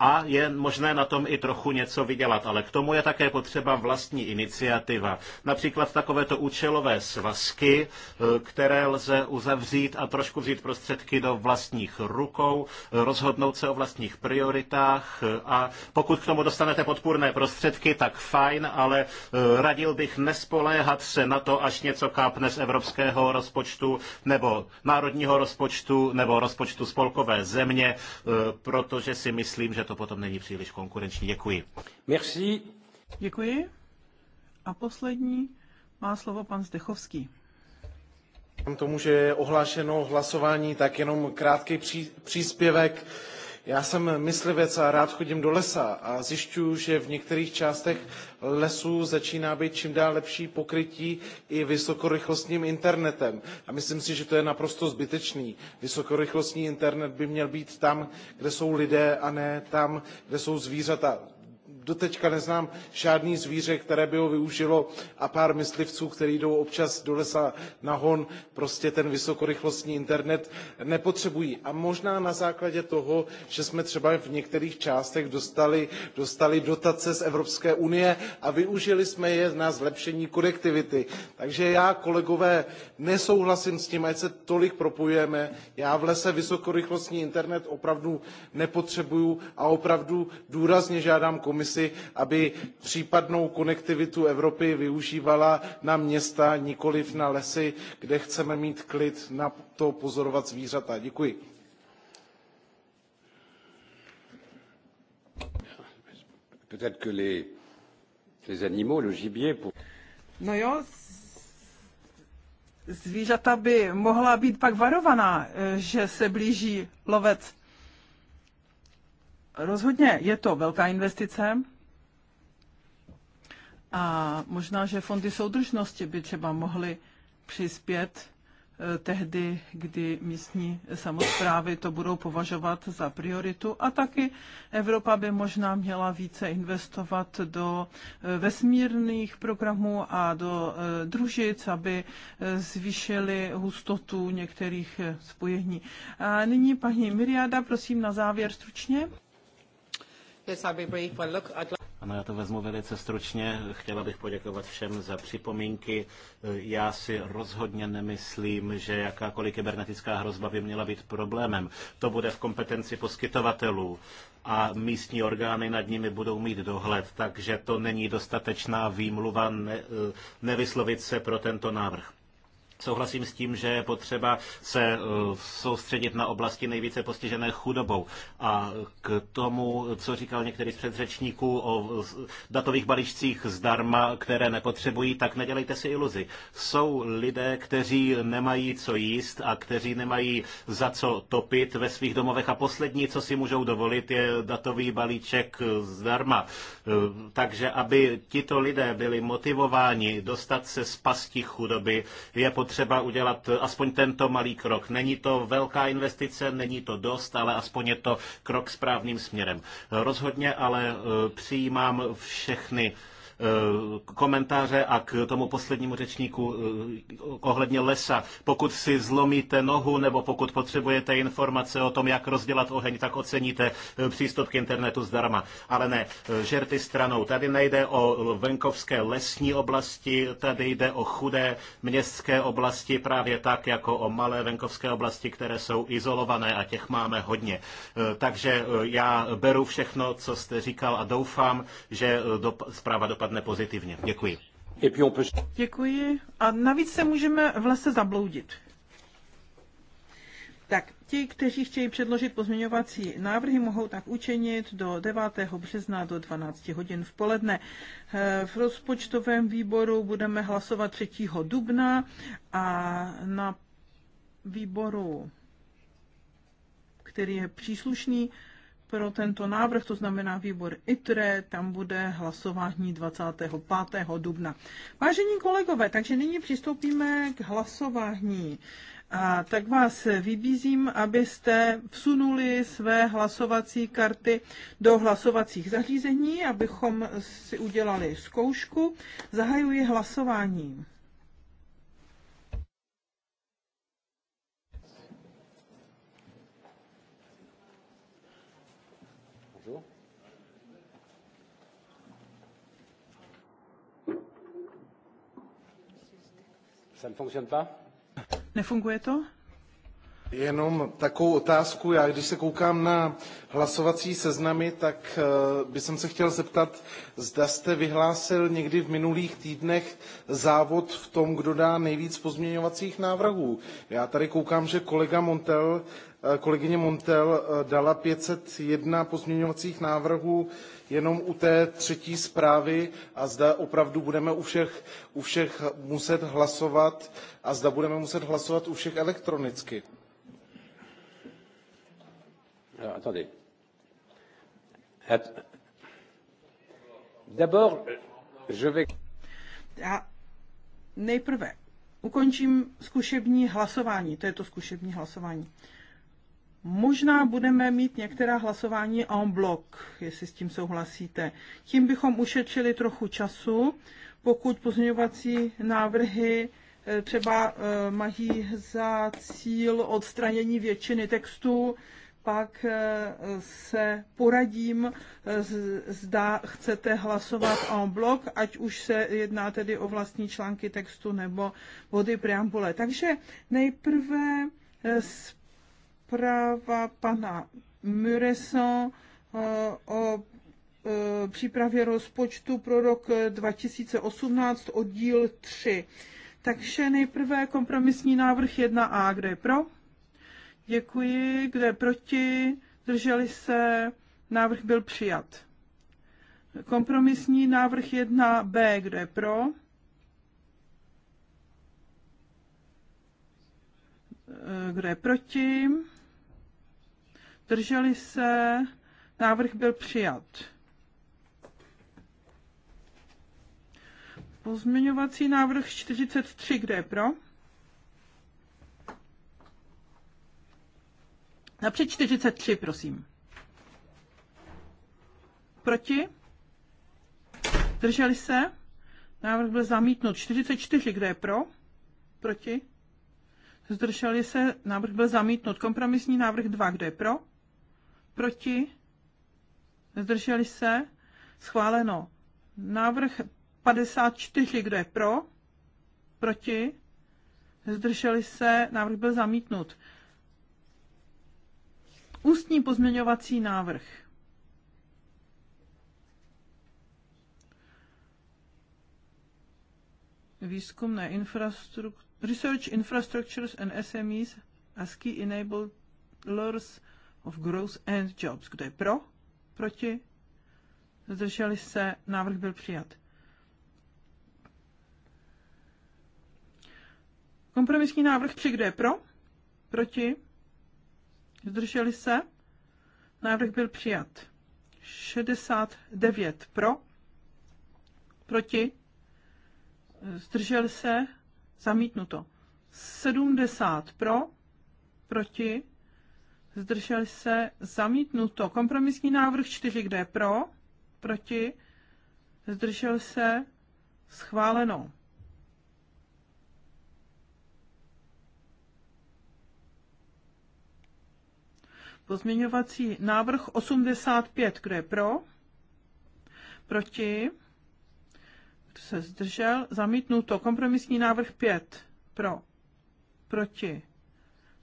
a je možné na tom i trochu něco vydělat, ale k tomu je také potřeba vlastní iniciativa. Například takovéto účelové svazky, eh, které lze uzavřít a trošku vzít prostředky do vlastních rukou, rozhodnout se o vlastních prioritách eh, a pokud k tomu dostanete podpůrné prostředky, tak fajn, ale eh, radil bych nespoléhat se na to, až něco kápne z evropského rozpočtu nebo národního rozpočtu nebo rozpočtu spolkové země, protože si myslím, že to potom není příliš konkurenční. Děkuji. Merci. Děkuji. A poslední má slovo pan Zdechovský. K tomu, že je ohlášeno hlasování, tak jenom krátký pří, příspěvek. Já jsem myslivec a rád chodím do lesa a zjišťuju, že v některých částech lesů začíná být čím dál lepší pokrytí i vysokorychlostním internetem. A myslím si, že to je naprosto zbytečný. Vysokorychlostní internet by měl být tam, kde jsou lidé a ne tam, kde jsou zvířata doteď neznám žádný zvíře, které by ho využilo a pár myslivců, kteří jdou občas do lesa na hon, prostě ten vysokorychlostní internet nepotřebují. A možná na základě toho, že jsme třeba v některých částech dostali, dostali dotace z Evropské unie a využili jsme je na zlepšení konektivity. Takže já, kolegové, nesouhlasím s tím, ať se tolik propojujeme. Já v lese vysokorychlostní internet opravdu nepotřebuju a opravdu důrazně žádám komisi, komisi, aby případnou konektivitu Evropy využívala na města, nikoliv na lesy, kde chceme mít klid na to pozorovat zvířata. Děkuji. No jo, zvířata by mohla být pak varovaná, eh, že se blíží lovec. Rozhodně je to velká investice a možná, že fondy soudržnosti by třeba mohly přispět eh, tehdy, kdy místní samozprávy to budou považovat za prioritu a taky Evropa by možná měla více investovat do eh, vesmírných programů a do eh, družic, aby zvýšili hustotu některých spojení. A nyní paní Miriada, prosím na závěr stručně. Ano, já to vezmu velice stručně. Chtěla bych poděkovat všem za připomínky. Já si rozhodně nemyslím, že jakákoliv kybernetická hrozba by měla být problémem. To bude v kompetenci poskytovatelů a místní orgány nad nimi budou mít dohled, takže to není dostatečná výmluva ne, eh, nevyslovit se pro tento návrh. Souhlasím s tím, že je potřeba se eh, soustředit na oblasti nejvíce postižené chudobou. A k tomu, co říkal některý z předřečníků o datových balíčcích zdarma, které nepotřebují, tak nedělejte si iluzi. Jsou lidé, kteří nemají co jíst a kteří nemají za co topit ve svých domovech a poslední, co si můžou dovolit, je datový balíček zdarma. Eh, takže aby tito lidé byli motivováni dostat se z pasti chudoby, je potřeba potřeba udělat aspoň tento malý krok. Není to velká investice, není to dost, ale aspoň je to krok správným směrem. Rozhodně ale eh, přijímám všechny Eh, komentáře a k tomu poslednímu řečníku eh, ohledně lesa. Pokud si zlomíte nohu nebo pokud potřebujete informace o tom, jak rozdělat oheň, tak oceníte eh, přístup k internetu zdarma. Ale ne, žerty stranou. Tady nejde o venkovské lesní oblasti, tady jde o chudé městské oblasti, právě tak jako o malé venkovské oblasti, které jsou izolované a těch máme hodně. Takže já beru všechno, co jste říkal a doufám, že zpráva dopadne dopadne pozitivně. Děkuji. Děkuji. A navíc se můžeme v lese zabloudit. Tak, ti, kteří chtějí předložit pozměňovací návrhy, mohou tak učinit do 9. března do 12 hodin v poledne. Eh, v rozpočtovém výboru budeme hlasovat 3. dubna a na výboru, který je příslušný, pro tento návrh, to znamená výbor ITRE, tam bude hlasování 25. dubna. Vážení kolegové, takže nyní přistoupíme k hlasování. A tak vás vybízím, abyste vsunuli své hlasovací karty do hlasovacích zařízení, abychom si udělali zkoušku. Zahajuji hlasování. Ça fonctionne pas? Nefunguje to? Jenom takovou otázku. Já, když se koukám na hlasovací seznamy, tak eh, bych se chtěl zeptat, zda jste vyhlásil někdy v minulých týdnech závod v tom, kdo dá nejvíc pozměňovacích návrhů. Já tady koukám, že kolega Montel, eh, kolegyně Montel eh, dala 501 pozměňovacích návrhů, jenom u té třetí zprávy a zda opravdu budeme u všech, u všech muset hlasovat a zda budeme muset hlasovat u všech elektronicky. Tady. je Já nejprve ukončím zkušební hlasování. To je to zkušební hlasování. Možná budeme mít některá hlasování en bloc, jestli s tím souhlasíte. Tím bychom ušetřili trochu času, pokud pozměňovací návrhy eh, třeba eh, mají za cíl odstranění většiny textů, pak eh, se poradím, zda chcete hlasovat en bloc, ať už se jedná tedy o vlastní články textu nebo body preambule. Takže nejprve zpráva pana Muresan eh, o eh, přípravě rozpočtu pro rok 2018 eh, oddíl 3. Takže nejprve kompromisní návrh 1a, Kdo je pro? Děkuji, Kdo je proti? Drželi se, návrh byl přijat. Kompromisní návrh 1b, Kdo je pro? Kdo je proti? Drželi se? Návrh byl přijat. Pozměňovací návrh 43, kde je pro? Napřed 43, prosím. Proti? Drželi se? Návrh byl zamítnut. 44, kde je pro? Proti? Zdrželi se? Návrh byl zamítnut. Kompromisní návrh 2, kde je pro? proti, zdrželi se, schváleno. Návrh 54, kdo je pro, proti, zdrželi se, návrh byl zamítnut. Ústní pozměňovací návrh. Výzkumné infrastruktury, Research Infrastructures and SMEs ASCII Enablers of Growth and Jobs. Kdo je pro? Proti? Zdrželi se? Návrh byl přijat. Kompromisní návrh 3. Kdo je pro? Proti? Zdrželi se? Návrh byl přijat. 69 pro, proti, zdržel se, zamítnuto. 70 pro, proti, zdrželi se, zamítnuto. Kompromisní návrh 4, kde je pro, proti, zdržel se, schváleno. Pozměňovací návrh 85, kdo je pro, proti, kdo se zdržel, zamítnuto. Kompromisní návrh 5, pro, proti,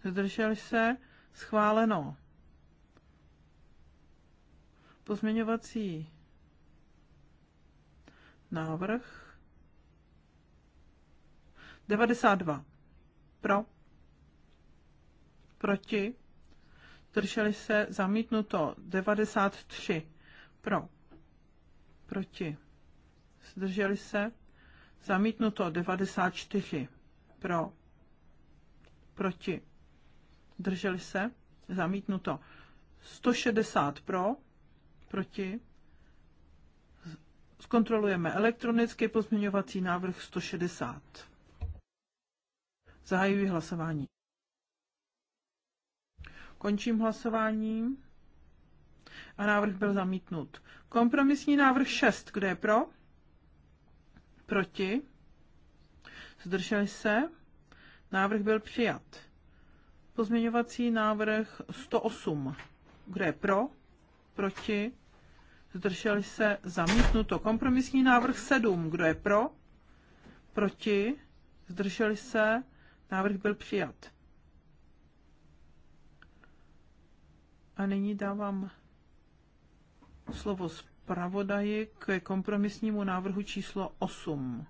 zdržel se, Schváleno. Pozměňovací návrh 92. Pro. Proti. Drželi se zamítnuto 93. Pro. Proti. Zdrželi se zamítnuto 94. Pro. Proti Drželi se? Zamítnuto. 160 pro, proti. Zkontrolujeme elektronický pozměňovací návrh 160. Zahajuji hlasování. Končím hlasování. A návrh byl zamítnut. Kompromisní návrh 6. Kdo je pro? Proti? Zdrželi se? Návrh byl přijat. Pozměňovací návrh 108. Kdo je pro? Proti? Zdrželi se? Zamítnuto. Kompromisní návrh 7. Kdo je pro? Proti? Zdrželi se? Návrh byl přijat. A nyní dávám slovo zpravodaji ke kompromisnímu návrhu číslo 8.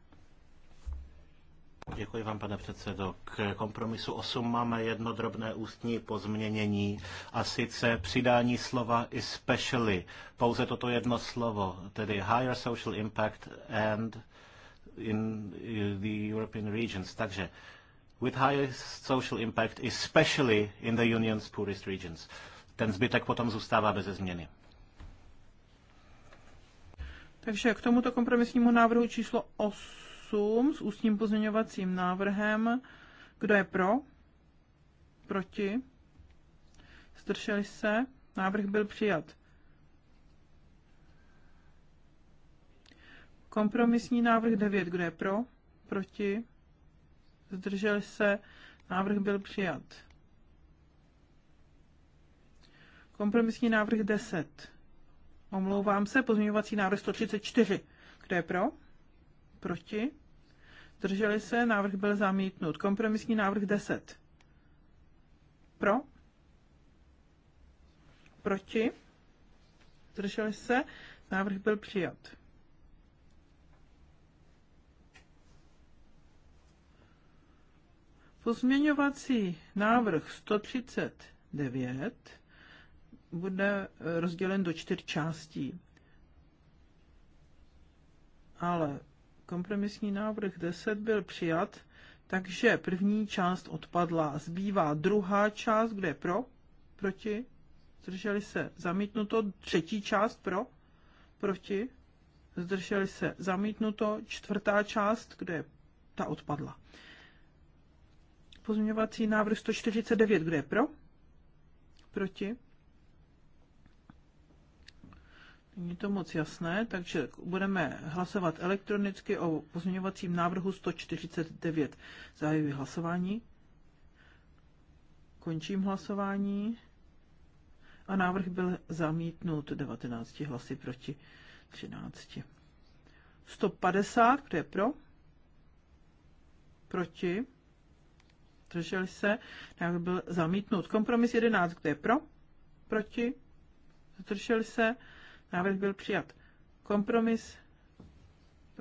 Děkuji vám, pane předsedo. K kompromisu 8 máme jedno drobné ústní pozměnění a sice přidání slova especially. Pouze toto jedno slovo, tedy higher social impact and in the European regions. Takže with higher social impact, especially in the union's poorest regions. Ten zbytek potom zůstává bez změny. Takže k tomuto kompromisnímu návrhu číslo 8 8 s ústním pozměňovacím návrhem. Kdo je pro? Proti? Zdrželi se? Návrh byl přijat. Kompromisní návrh 9. Kdo je pro? Proti? Zdrželi se? Návrh byl přijat. Kompromisní návrh 10. Omlouvám se, pozměňovací návrh 134. Kdo je pro? Proti? Zdrželi se, návrh byl zamítnut. Kompromisní návrh 10. Pro? Proti? Zdrželi se, návrh byl přijat. Pozměňovací návrh 139 bude rozdělen do čtyř částí. Ale Kompromisní návrh 10 byl přijat, takže první část odpadla. Zbývá druhá část, kde je pro, proti, zdrželi se, zamítnuto. Třetí část pro, proti, zdrželi se, zamítnuto. Čtvrtá část, kde je, ta odpadla. Pozměňovací návrh 149, kde je pro, proti, Není to moc jasné, takže budeme hlasovat elektronicky o pozměňovacím návrhu 149. Zahajuji hlasování. Končím hlasování. A návrh byl zamítnut 19 hlasy proti 13. 150, kdo je pro? Proti? Drželi se. Návrh byl zamítnut. Kompromis 11, kdo je pro? Proti? Zdrželi se Návrh byl přijat. Kompromis.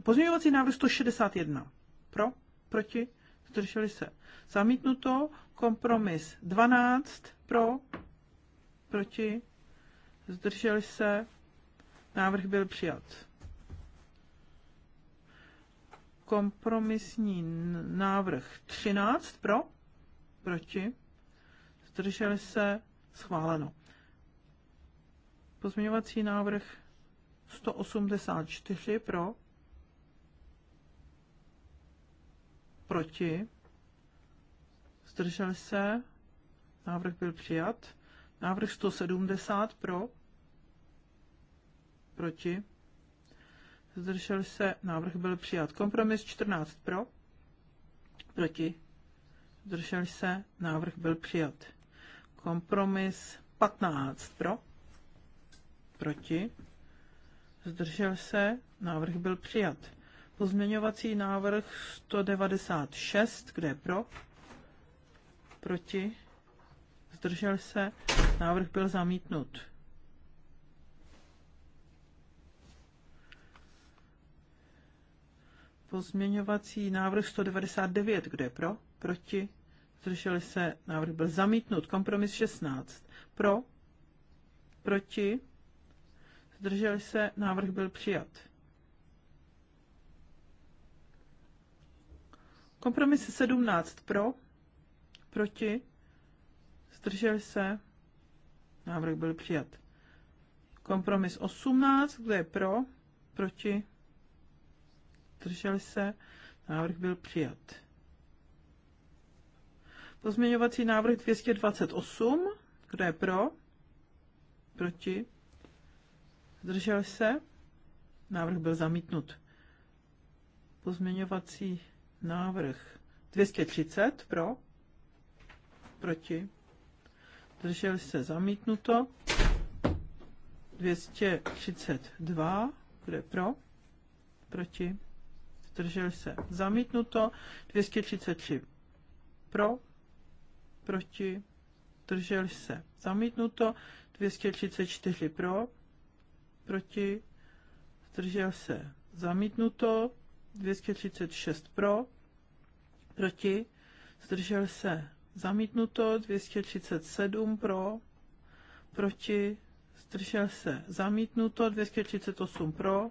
Pozměňovací návrh 161. Pro? Proti? Zdrželi se. Zamítnuto. Kompromis 12. Pro? Proti? Zdrželi se. Návrh byl přijat. Kompromisní návrh 13. Pro? Proti? Zdrželi se. Schváleno. Pozměňovací návrh 184 pro, proti, zdržel se, návrh byl přijat. Návrh 170 pro, proti, zdržel se, návrh byl přijat. Kompromis 14 pro, proti, zdržel se, návrh byl přijat. Kompromis 15 pro, proti, zdržel se, návrh byl přijat. Pozměňovací návrh 196, kde je pro, proti, zdržel se, návrh byl zamítnut. Pozměňovací návrh 199, kde je pro, proti, zdrželi se, návrh byl zamítnut. Kompromis 16, pro, proti, zdrželi se, návrh byl přijat. Kompromis 17 pro, proti, zdrželi se, návrh byl přijat. Kompromis 18, kde je pro, proti, zdrželi se, návrh byl přijat. Pozměňovací návrh 228, kdo je pro, proti, Zdržel se? Návrh byl zamítnut. Pozměňovací návrh 230 pro, proti, zdržel se zamítnuto, 232, kde pro, proti, zdržel se zamítnuto, 233 pro, proti, zdržel se zamítnuto, 234 pro, proti, zdržel se zamítnuto, 236 pro, proti, zdržel se zamítnuto, 237 pro, proti, zdržel se zamítnuto, 238 pro,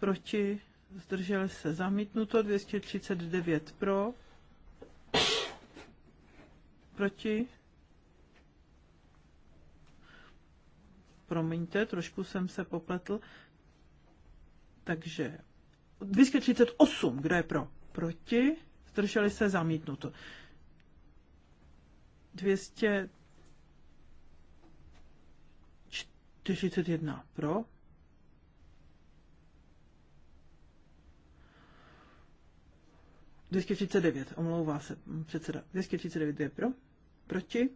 proti, zdržel se zamítnuto, 239 pro, proti, promiňte, trošku jsem se popletl. Takže 238, kdo je pro? Proti, zdrželi se, zamítnuto. 241 pro, devět, omlouvá se předseda. 239 je pro, proti,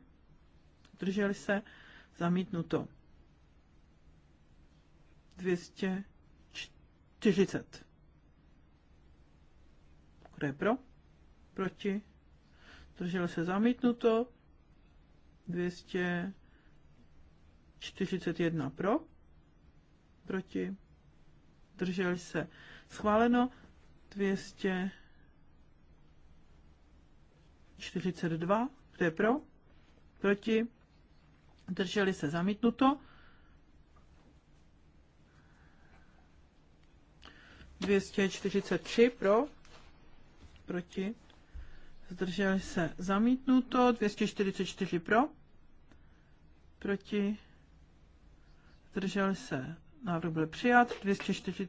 drželi se, zamítnuto. 240. Kdo je pro? Proti? Držel se zamítnuto. 241 pro. Proti? Drželi se schváleno. 242. Kdo je pro? Proti? Drželi se zamítnuto. 243 pro, proti, zdrželi se zamítnuto, 244 pro, proti, zdrželi se, návrh byl přijat, 204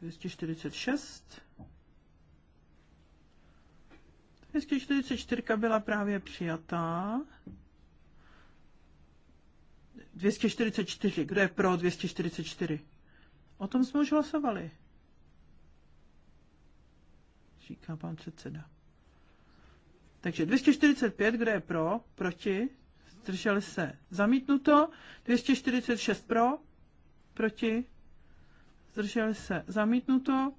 246. 244 byla právě přijatá. 244. Kdo je pro 244? O tom jsme už hlasovali. Říká pan předseda. Takže 245, kdo je pro, proti, zdrželi se, zamítnuto. 246 pro, proti, zdrželi se, zamítnuto.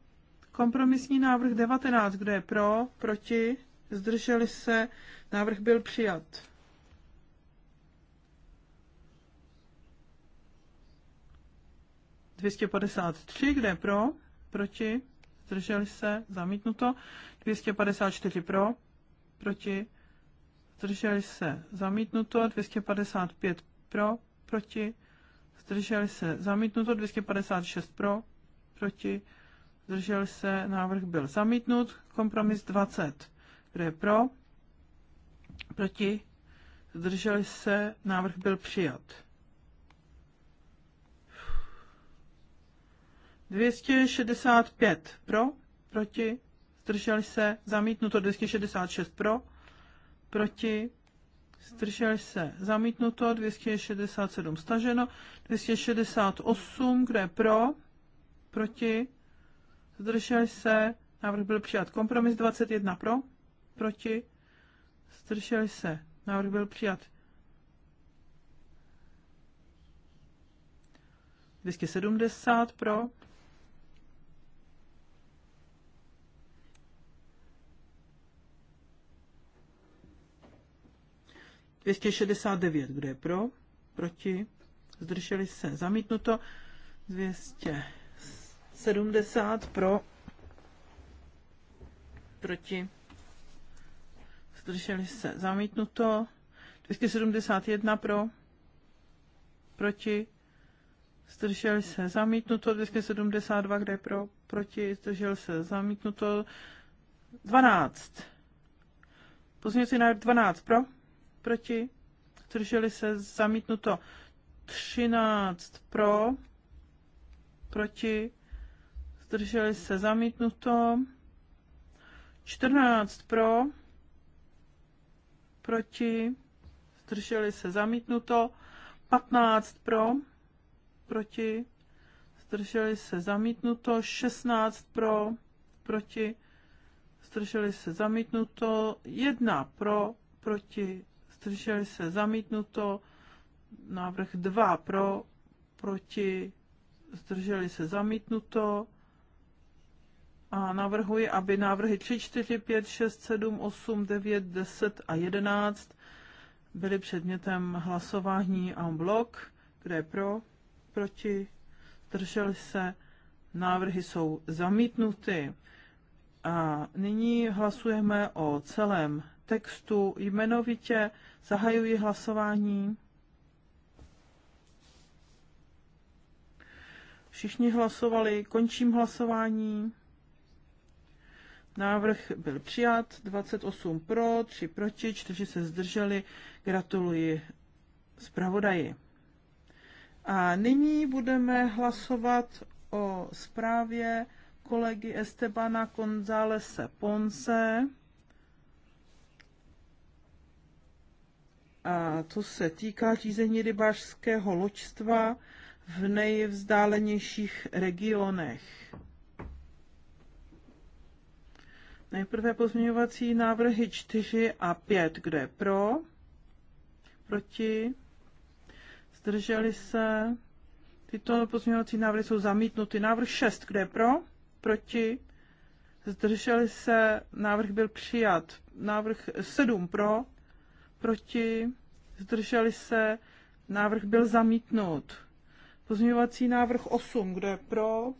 Kompromisní návrh 19, kdo je pro, proti, zdrželi se, návrh byl přijat. 253, kde je pro, proti, zdrželi se, zamítnuto. 254 pro, proti, zdrželi se, zamítnuto. 255 pro, proti, zdrželi se, zamítnuto. 256 pro, proti, zdrželi se, návrh byl zamítnut. Kompromis 20, kde je pro, proti, zdrželi se, návrh byl přijat. 265 pro, proti, zdrželi se, zamítnuto 266 pro, proti, zdrželi se, zamítnuto 267 staženo, 268, kdo je pro, proti, zdrželi se, návrh byl přijat kompromis 21 pro, proti, zdrželi se, návrh byl přijat 270 pro, 269, kdo je pro, proti, zdrželi se, zamítnuto, 270 pro, proti, zdrželi se, zamítnuto, 271 pro, proti, zdrželi se, zamítnuto, 272, kde pro, proti, zdržel se, zamítnuto, 12. Pozměňující návrh 12 pro, proti, drželi se zamítnuto 13 pro, proti, zdrželi se zamítnuto 14 pro, proti, zdrželi se zamítnuto 15 pro, proti, zdrželi se zamítnuto 16 pro, proti, zdrželi se zamítnuto 1 pro, proti, zdrželi se zamítnuto, návrh 2 pro, proti, zdrželi se zamítnuto. A navrhuji, aby návrhy 3, 4, 5, 6, 7, 8, 9, 10 a 11 byly předmětem hlasování en blok, kde pro, proti, zdrželi se, návrhy jsou zamítnuty. A nyní hlasujeme o celém textu jmenovitě. Zahajuji hlasování. Všichni hlasovali, končím hlasování. Návrh byl přijat, 28 pro, 3 proti, 4 se zdrželi. Gratuluji zpravodaji. A nyní budeme hlasovat o zprávě kolegy Estebana Gonzálese Ponce. A to se týká řízení rybářského loďstva v nejvzdálenějších regionech. Nejprve pozměňovací návrhy 4 a 5. Kdo je pro? Proti? Zdrželi se? Tyto pozměňovací návrhy jsou zamítnuty. Návrh 6. Kdo je pro? Proti? Zdrželi se? Návrh byl přijat. Návrh 7 pro? proti, zdrželi se, návrh byl zamítnut. Pozměňovací návrh 8, kdo je pro,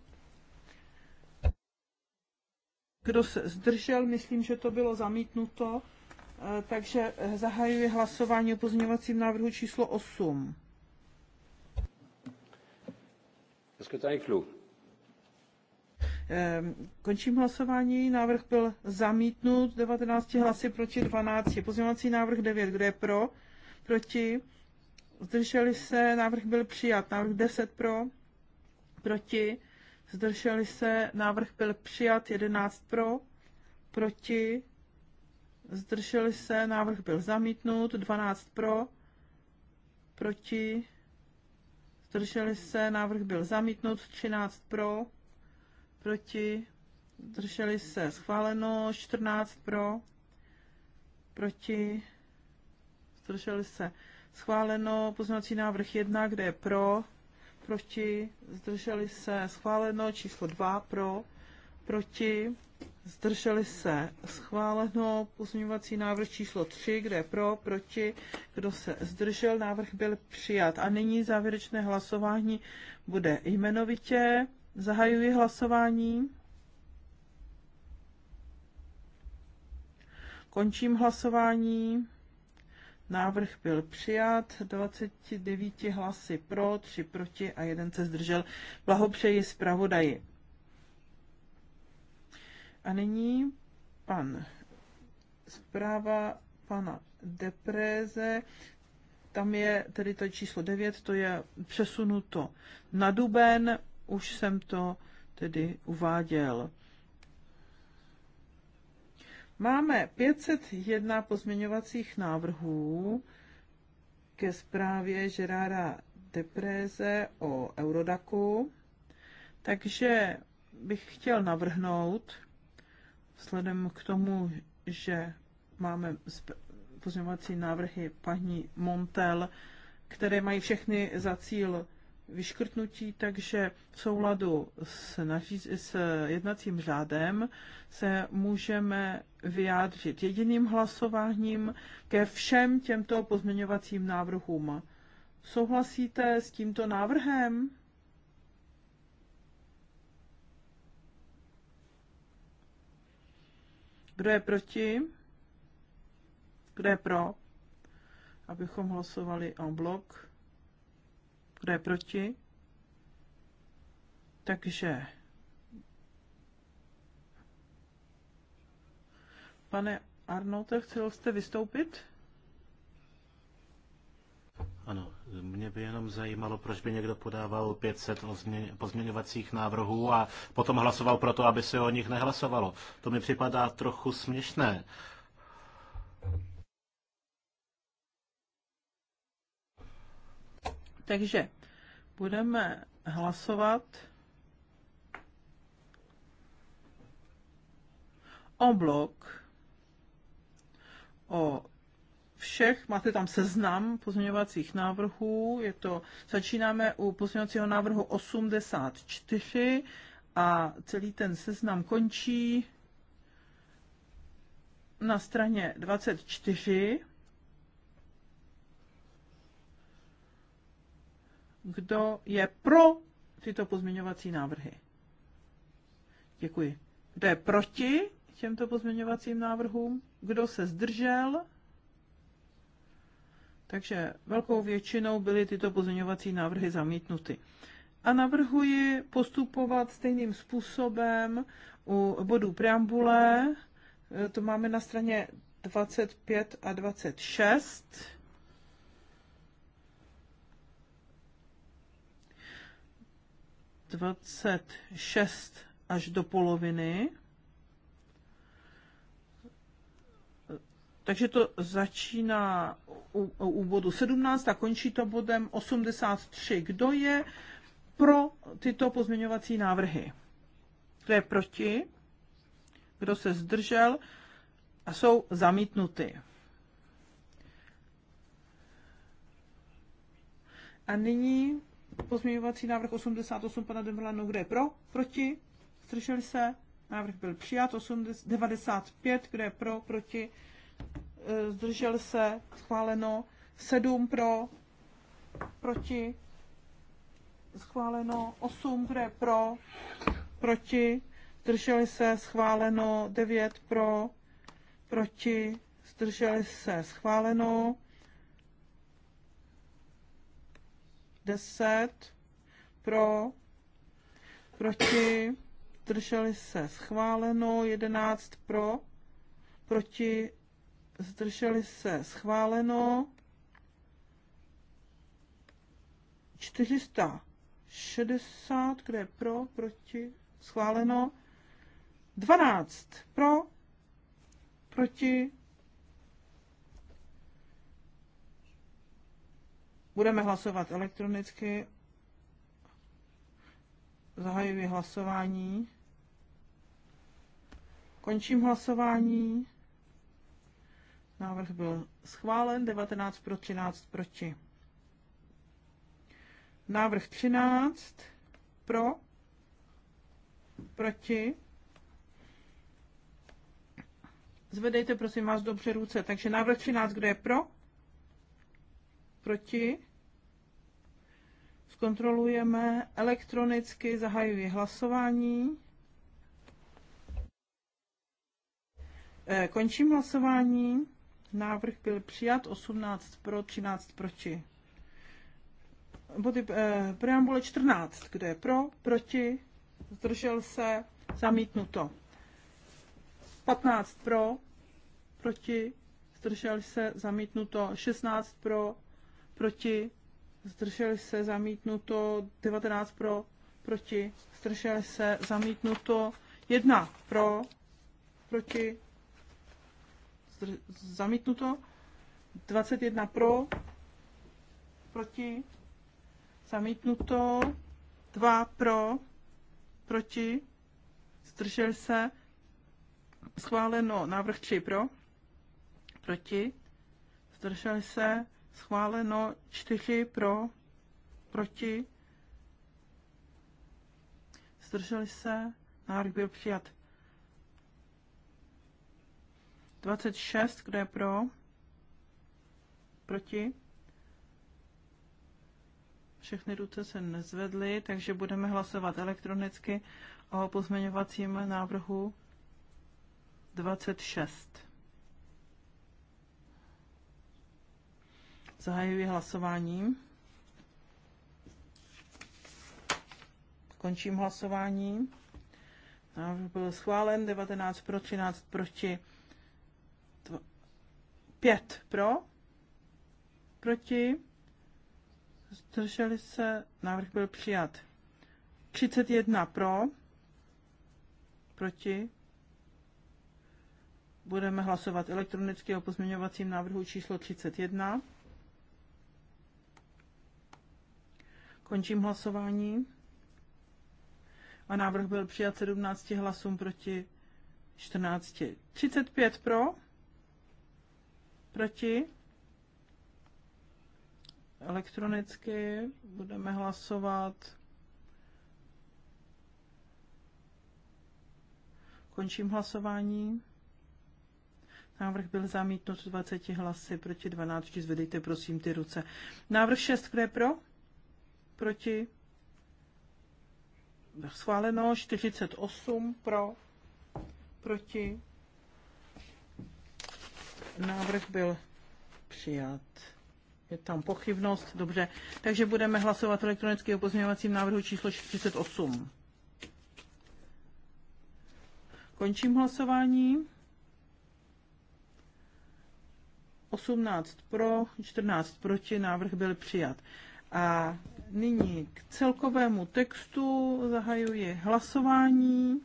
kdo se zdržel, myslím, že to bylo zamítnuto, eh, takže eh, zahajuji hlasování o pozměňovacím návrhu číslo 8. Klug. Ehm, končím hlasování. Návrh byl zamítnut 19 hlasy proti 12. Pozměňovací návrh 9. Kdo je pro? Proti? Zdrželi se. Návrh byl přijat. Návrh 10 pro? Proti? Zdrželi se. Návrh byl přijat. 11 pro? Proti? Zdrželi se. Návrh byl zamítnut. 12 pro? Proti? Zdrželi se. Návrh byl zamítnut. 13 pro? proti, zdrželi se schváleno, 14 pro, proti, zdrželi se schváleno, poznací návrh 1, kde je pro, proti, zdrželi se schváleno, číslo 2 pro, proti, zdrželi se schváleno, pozměňovací návrh číslo 3, kde je pro, proti, kdo se zdržel, návrh byl přijat. A nyní závěrečné hlasování bude jmenovitě. Zahajuji hlasování. Končím hlasování. Návrh byl přijat, 29 hlasy pro, 3 proti a jeden se zdržel. Blahopřeji zpravodaji. A nyní pan zpráva pana Depréze. Tam je tedy to číslo 9, to je přesunuto na duben. Už jsem to tedy uváděl. Máme 501 pozměňovacích návrhů ke zprávě Žerára Depréze o Eurodaku, takže bych chtěl navrhnout, vzhledem k tomu, že máme pozměňovací návrhy paní Montel, které mají všechny za cíl vyškrtnutí, takže v souladu s, naříz, s jednacím řádem se můžeme vyjádřit jediným hlasováním ke všem těmto pozměňovacím návrhům. Souhlasíte s tímto návrhem? Kdo je proti? Kdo je pro? Abychom hlasovali en bloc. Kdo je proti? Takže Pane Arnoute, chtěl jste vystoupit? Ano, mě by jenom zajímalo, proč by někdo podával 500 pozměňovacích návrhů a potom hlasoval pro to, aby se o nich nehlasovalo. To mi připadá trochu směšné. Takže Budeme hlasovat o blok o všech, máte tam seznam pozměňovacích návrhů, je to, začínáme u pozměňovacího návrhu 84 a celý ten seznam končí na straně 24 Kdo je pro tyto pozměňovací návrhy? Děkuji. Kdo je proti těmto pozměňovacím návrhům? Kdo se zdržel? Takže velkou většinou byly tyto pozměňovací návrhy zamítnuty. A navrhuji postupovat stejným způsobem u bodů preambule. E, to máme na straně 25 a 26. 26 až do poloviny. Takže to začíná u, u bodu 17 a končí to bodem 83. Kdo je pro tyto pozměňovací návrhy? Kdo je proti? Kdo se zdržel? A jsou zamítnuty. A nyní Pozměňovací návrh 88 pana Demlanu, kde je pro, proti, zdrželi se, návrh byl přijat, 80, 95, kdo je pro, proti, e, zdržel se, schváleno, 7 pro, proti, schváleno, 8 kdo je pro, proti, zdrželi se, schváleno, 9 pro, proti, zdrželi se, schváleno, 10 pro, proti, zdrželi se schváleno, 11 pro, proti, zdrželi se schváleno, 460, kde je pro, proti, schváleno, 12 pro, proti, Budeme hlasovat elektronicky. Zahajuji hlasování. Končím hlasování. Návrh byl schválen 19 pro 13 proti. Návrh 13 pro, proti. Zvedejte prosím vás dobře ruce. Takže návrh 13, kdo je pro? Proti? zkontrolujeme elektronicky, zahajuji hlasování. Eh, končím hlasování. Návrh byl přijat 18 pro, 13 proti. Body eh, preambule 14. Kdo je pro, proti, zdržel se, zamítnuto. 15 pro, proti, zdržel se, zamítnuto. 16 pro, proti, zdrželi se, zamítnuto 19 pro, proti, zdrželi se, zamítnuto 1 pro, proti, zdr- zamítnuto 21 pro, proti, zamítnuto 2 pro, proti, zdržel se, schváleno návrh 3 pro, proti, zdrželi se, schváleno 4 pro, proti, zdrželi se, návrh byl přijat. 26, kdo je pro, proti, všechny ruce se nezvedly, takže budeme hlasovat elektronicky o pozměňovacím návrhu 26. Zahajuji hlasování. Končím hlasování. Návrh byl schválen 19 pro, 13 proti, 5 pro, proti, zdrželi se, návrh byl přijat. 31 pro, proti, budeme hlasovat elektronicky o pozměňovacím návrhu číslo 31. Končím hlasování. A návrh byl přijat 17 hlasům proti 14. 35 pro, proti. Elektronicky budeme hlasovat. Končím hlasování. Návrh byl zamítnut 20 hlasy proti 12. Zvedejte prosím ty ruce. Návrh 6, kde pro? proti, schváleno 48 pro, proti, návrh byl přijat. Je tam pochybnost, dobře. Takže budeme hlasovat elektronicky o pozměňovacím návrhu číslo 48. Končím hlasování. 18 pro, 14 proti, návrh byl přijat. A nyní k celkovému textu zahajuji hlasování.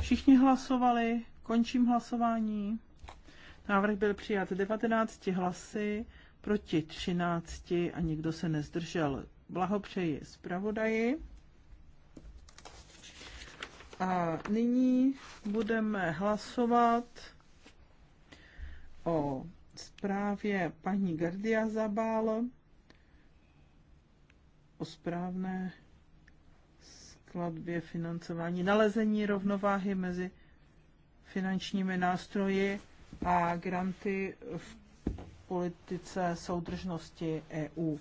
Všichni hlasovali, končím hlasování. Návrh byl přijat 19 hlasy proti 13 a nikdo se nezdržel. Blahopřeji zpravodaji. A nyní budeme hlasovat o zprávě paní Gardia Zabal o správné skladbě financování, nalezení rovnováhy mezi finančními nástroji a granty v politice soudržnosti EU.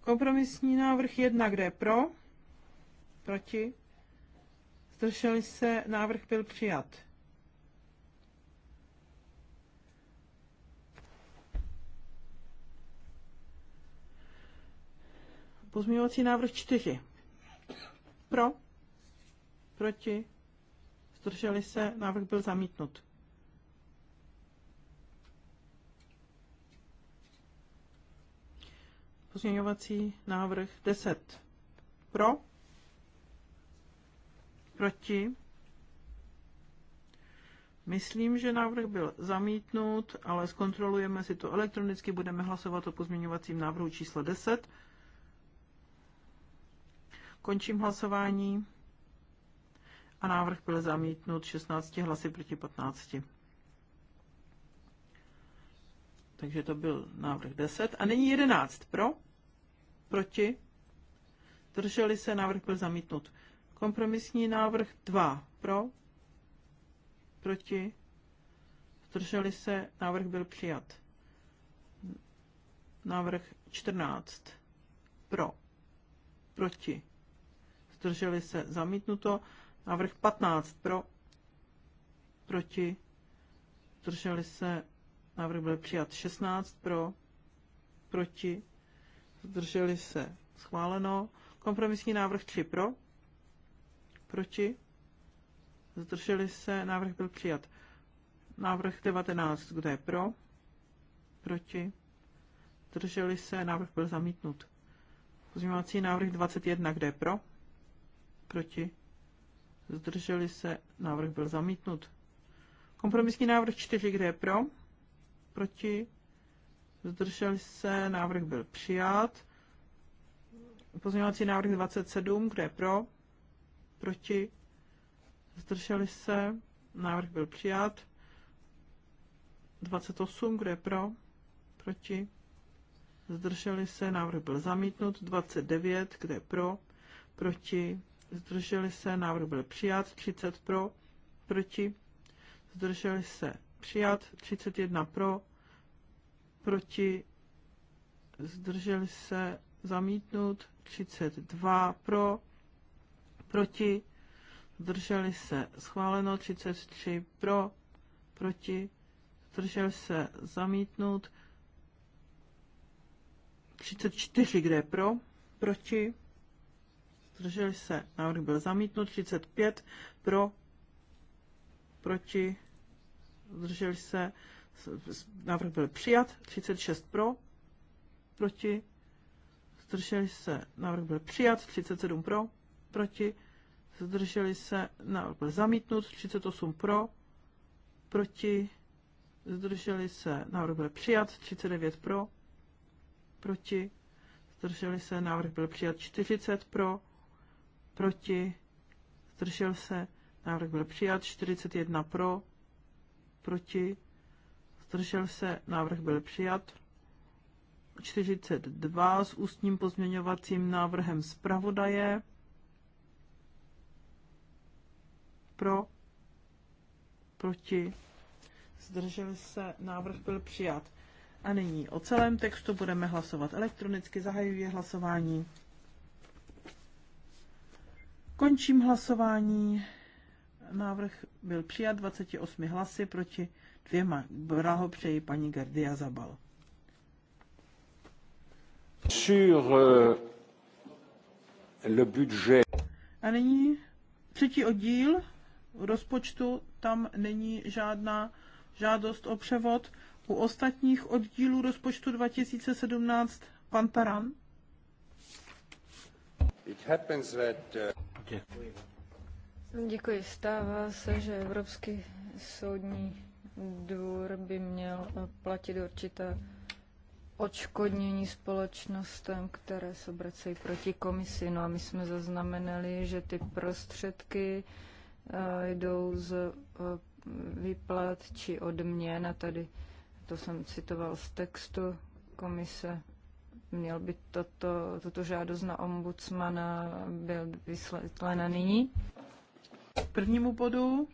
Kompromisní návrh jedna, kde je pro, proti, zdrželi se, návrh byl přijat. Pozměňovací návrh 4. Pro, proti, zdrželi se, návrh byl zamítnut. Pozměňovací návrh 10. Pro, proti, Myslím, že návrh byl zamítnut, ale zkontrolujeme si to elektronicky. Budeme hlasovat o pozměňovacím návrhu číslo 10. Končím hlasování. A návrh byl zamítnut 16 hlasy proti 15. Takže to byl návrh 10. A nyní 11. Pro? Proti? Drželi se, návrh byl zamítnut. Kompromisní návrh 2. Pro? Proti? Drželi se, návrh byl přijat. Návrh 14. Pro? Proti? zdrželi se zamítnuto. Návrh 15 pro, proti, zdrželi se, návrh byl přijat 16 pro, proti, zdrželi se, schváleno. Kompromisní návrh 3 pro, proti, zdrželi se, návrh byl přijat. Návrh 19, kde je pro, proti, zdrželi se, návrh byl zamítnut. Pozměňovací návrh 21, kde je pro, proti, zdrželi se, návrh byl zamítnut. Kompromisní návrh 4, kde je pro, proti, zdrželi se, návrh byl přijat. Pozměňovací návrh 27, kde je pro, proti, zdrželi se, návrh byl přijat. 28, kde je pro, proti, zdrželi se, návrh byl zamítnut. 29, kde je pro, proti, zdrželi se, návrh byl přijat, 30 pro, proti, zdrželi se, přijat, 31 pro, proti, zdrželi se, zamítnut, 32 pro, proti, zdrželi se, schváleno, 33 pro, proti, zdrželi se, zamítnut, 34 kde pro, proti, zdrželi se, návrh byl zamítnut, 35 pro, proti, zdrželi se, návrh byl přijat, 36 pro, proti, zdrželi se, návrh byl přijat, 37 pro, proti, zdrželi se, návrh byl zamítnut, 38 pro, proti, zdrželi se, návrh byl přijat, 39 pro, proti, zdrželi se, návrh byl přijat, 40 pro, proti, zdržel se, návrh byl přijat, 41 pro, proti, zdržel se, návrh byl přijat, 42 s ústním pozměňovacím návrhem zpravodaje, pro, proti, zdržel se, návrh byl přijat. A nyní o celém textu budeme hlasovat elektronicky, zahajuji hlasování. Končím hlasování. Návrh byl přijat 28 hlasy proti dvěma. Blahopřeji paní Gardia Zabal. Sur euh, le budget. A nyní třetí oddíl rozpočtu, tam není žádná žádost o převod. U ostatních oddílů rozpočtu 2017 pan Taran. It happens that, uh... Děkuji. Děkuji. Stává se, že Evropský soudní dvůr by měl platit určité odškodnění společnostem, které se obracejí proti komisi. No a my jsme zaznamenali, že ty prostředky eh, jdou z eh, výplat či odměn a tady to jsem citoval z textu komise Měl by toto, tuto žádost na ombudsmana byl vysvětlena nyní? K prvnímu bodu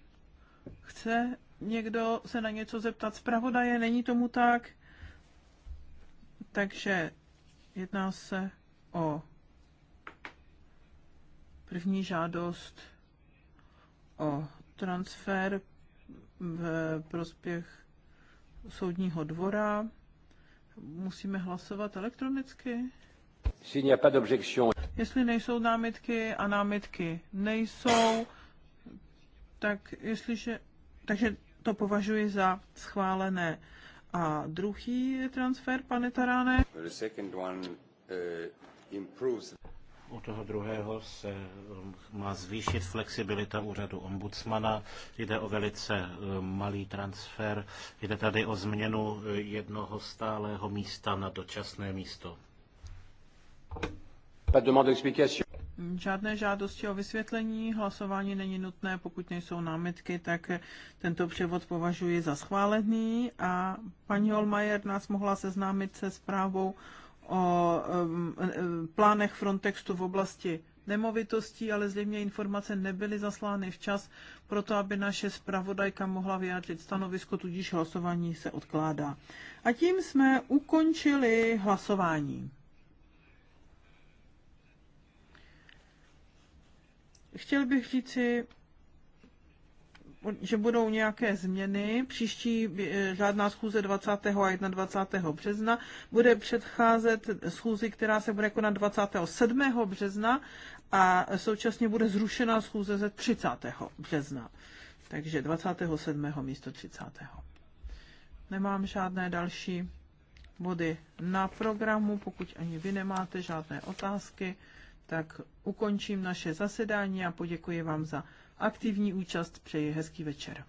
chce někdo se na něco zeptat zpravodaje, není tomu tak. Takže jedná se o první žádost o transfer v prospěch soudního dvora. Musíme hlasovat elektronicky? Jestli nejsou námitky a námitky nejsou, tak jestliže, takže to považuji za schválené. A druhý transfer, pane Taráne? u toho druhého se um, má zvýšit flexibilita úřadu ombudsmana. Jde o velice um, malý transfer. Jde tady o změnu uh, jednoho stálého místa na dočasné místo. Hmm, žádné žádosti o vysvětlení, hlasování není nutné, pokud nejsou námitky, tak eh, tento převod považuji za schválený a paní Holmajer nás mohla seznámit se zprávou o plánech Frontexu v oblasti nemovitostí, ale zřejmě informace nebyly zaslány včas, proto aby naše zpravodajka mohla vyjádřit stanovisko, tudíž hlasování se odkládá. A tím jsme ukončili hlasování. Chtěl bych říci, že budou nějaké změny. Příští eh, žádná schůze 20. a 21. března bude předcházet schůzi, která se bude konat 27. března a současně bude zrušena schůze ze 30. března. Takže 27. místo 30. Nemám žádné další body na programu. Pokud ani vy nemáte žádné otázky, tak ukončím naše zasedání a poděkuji vám za aktivní účast. Přeji hezký večer.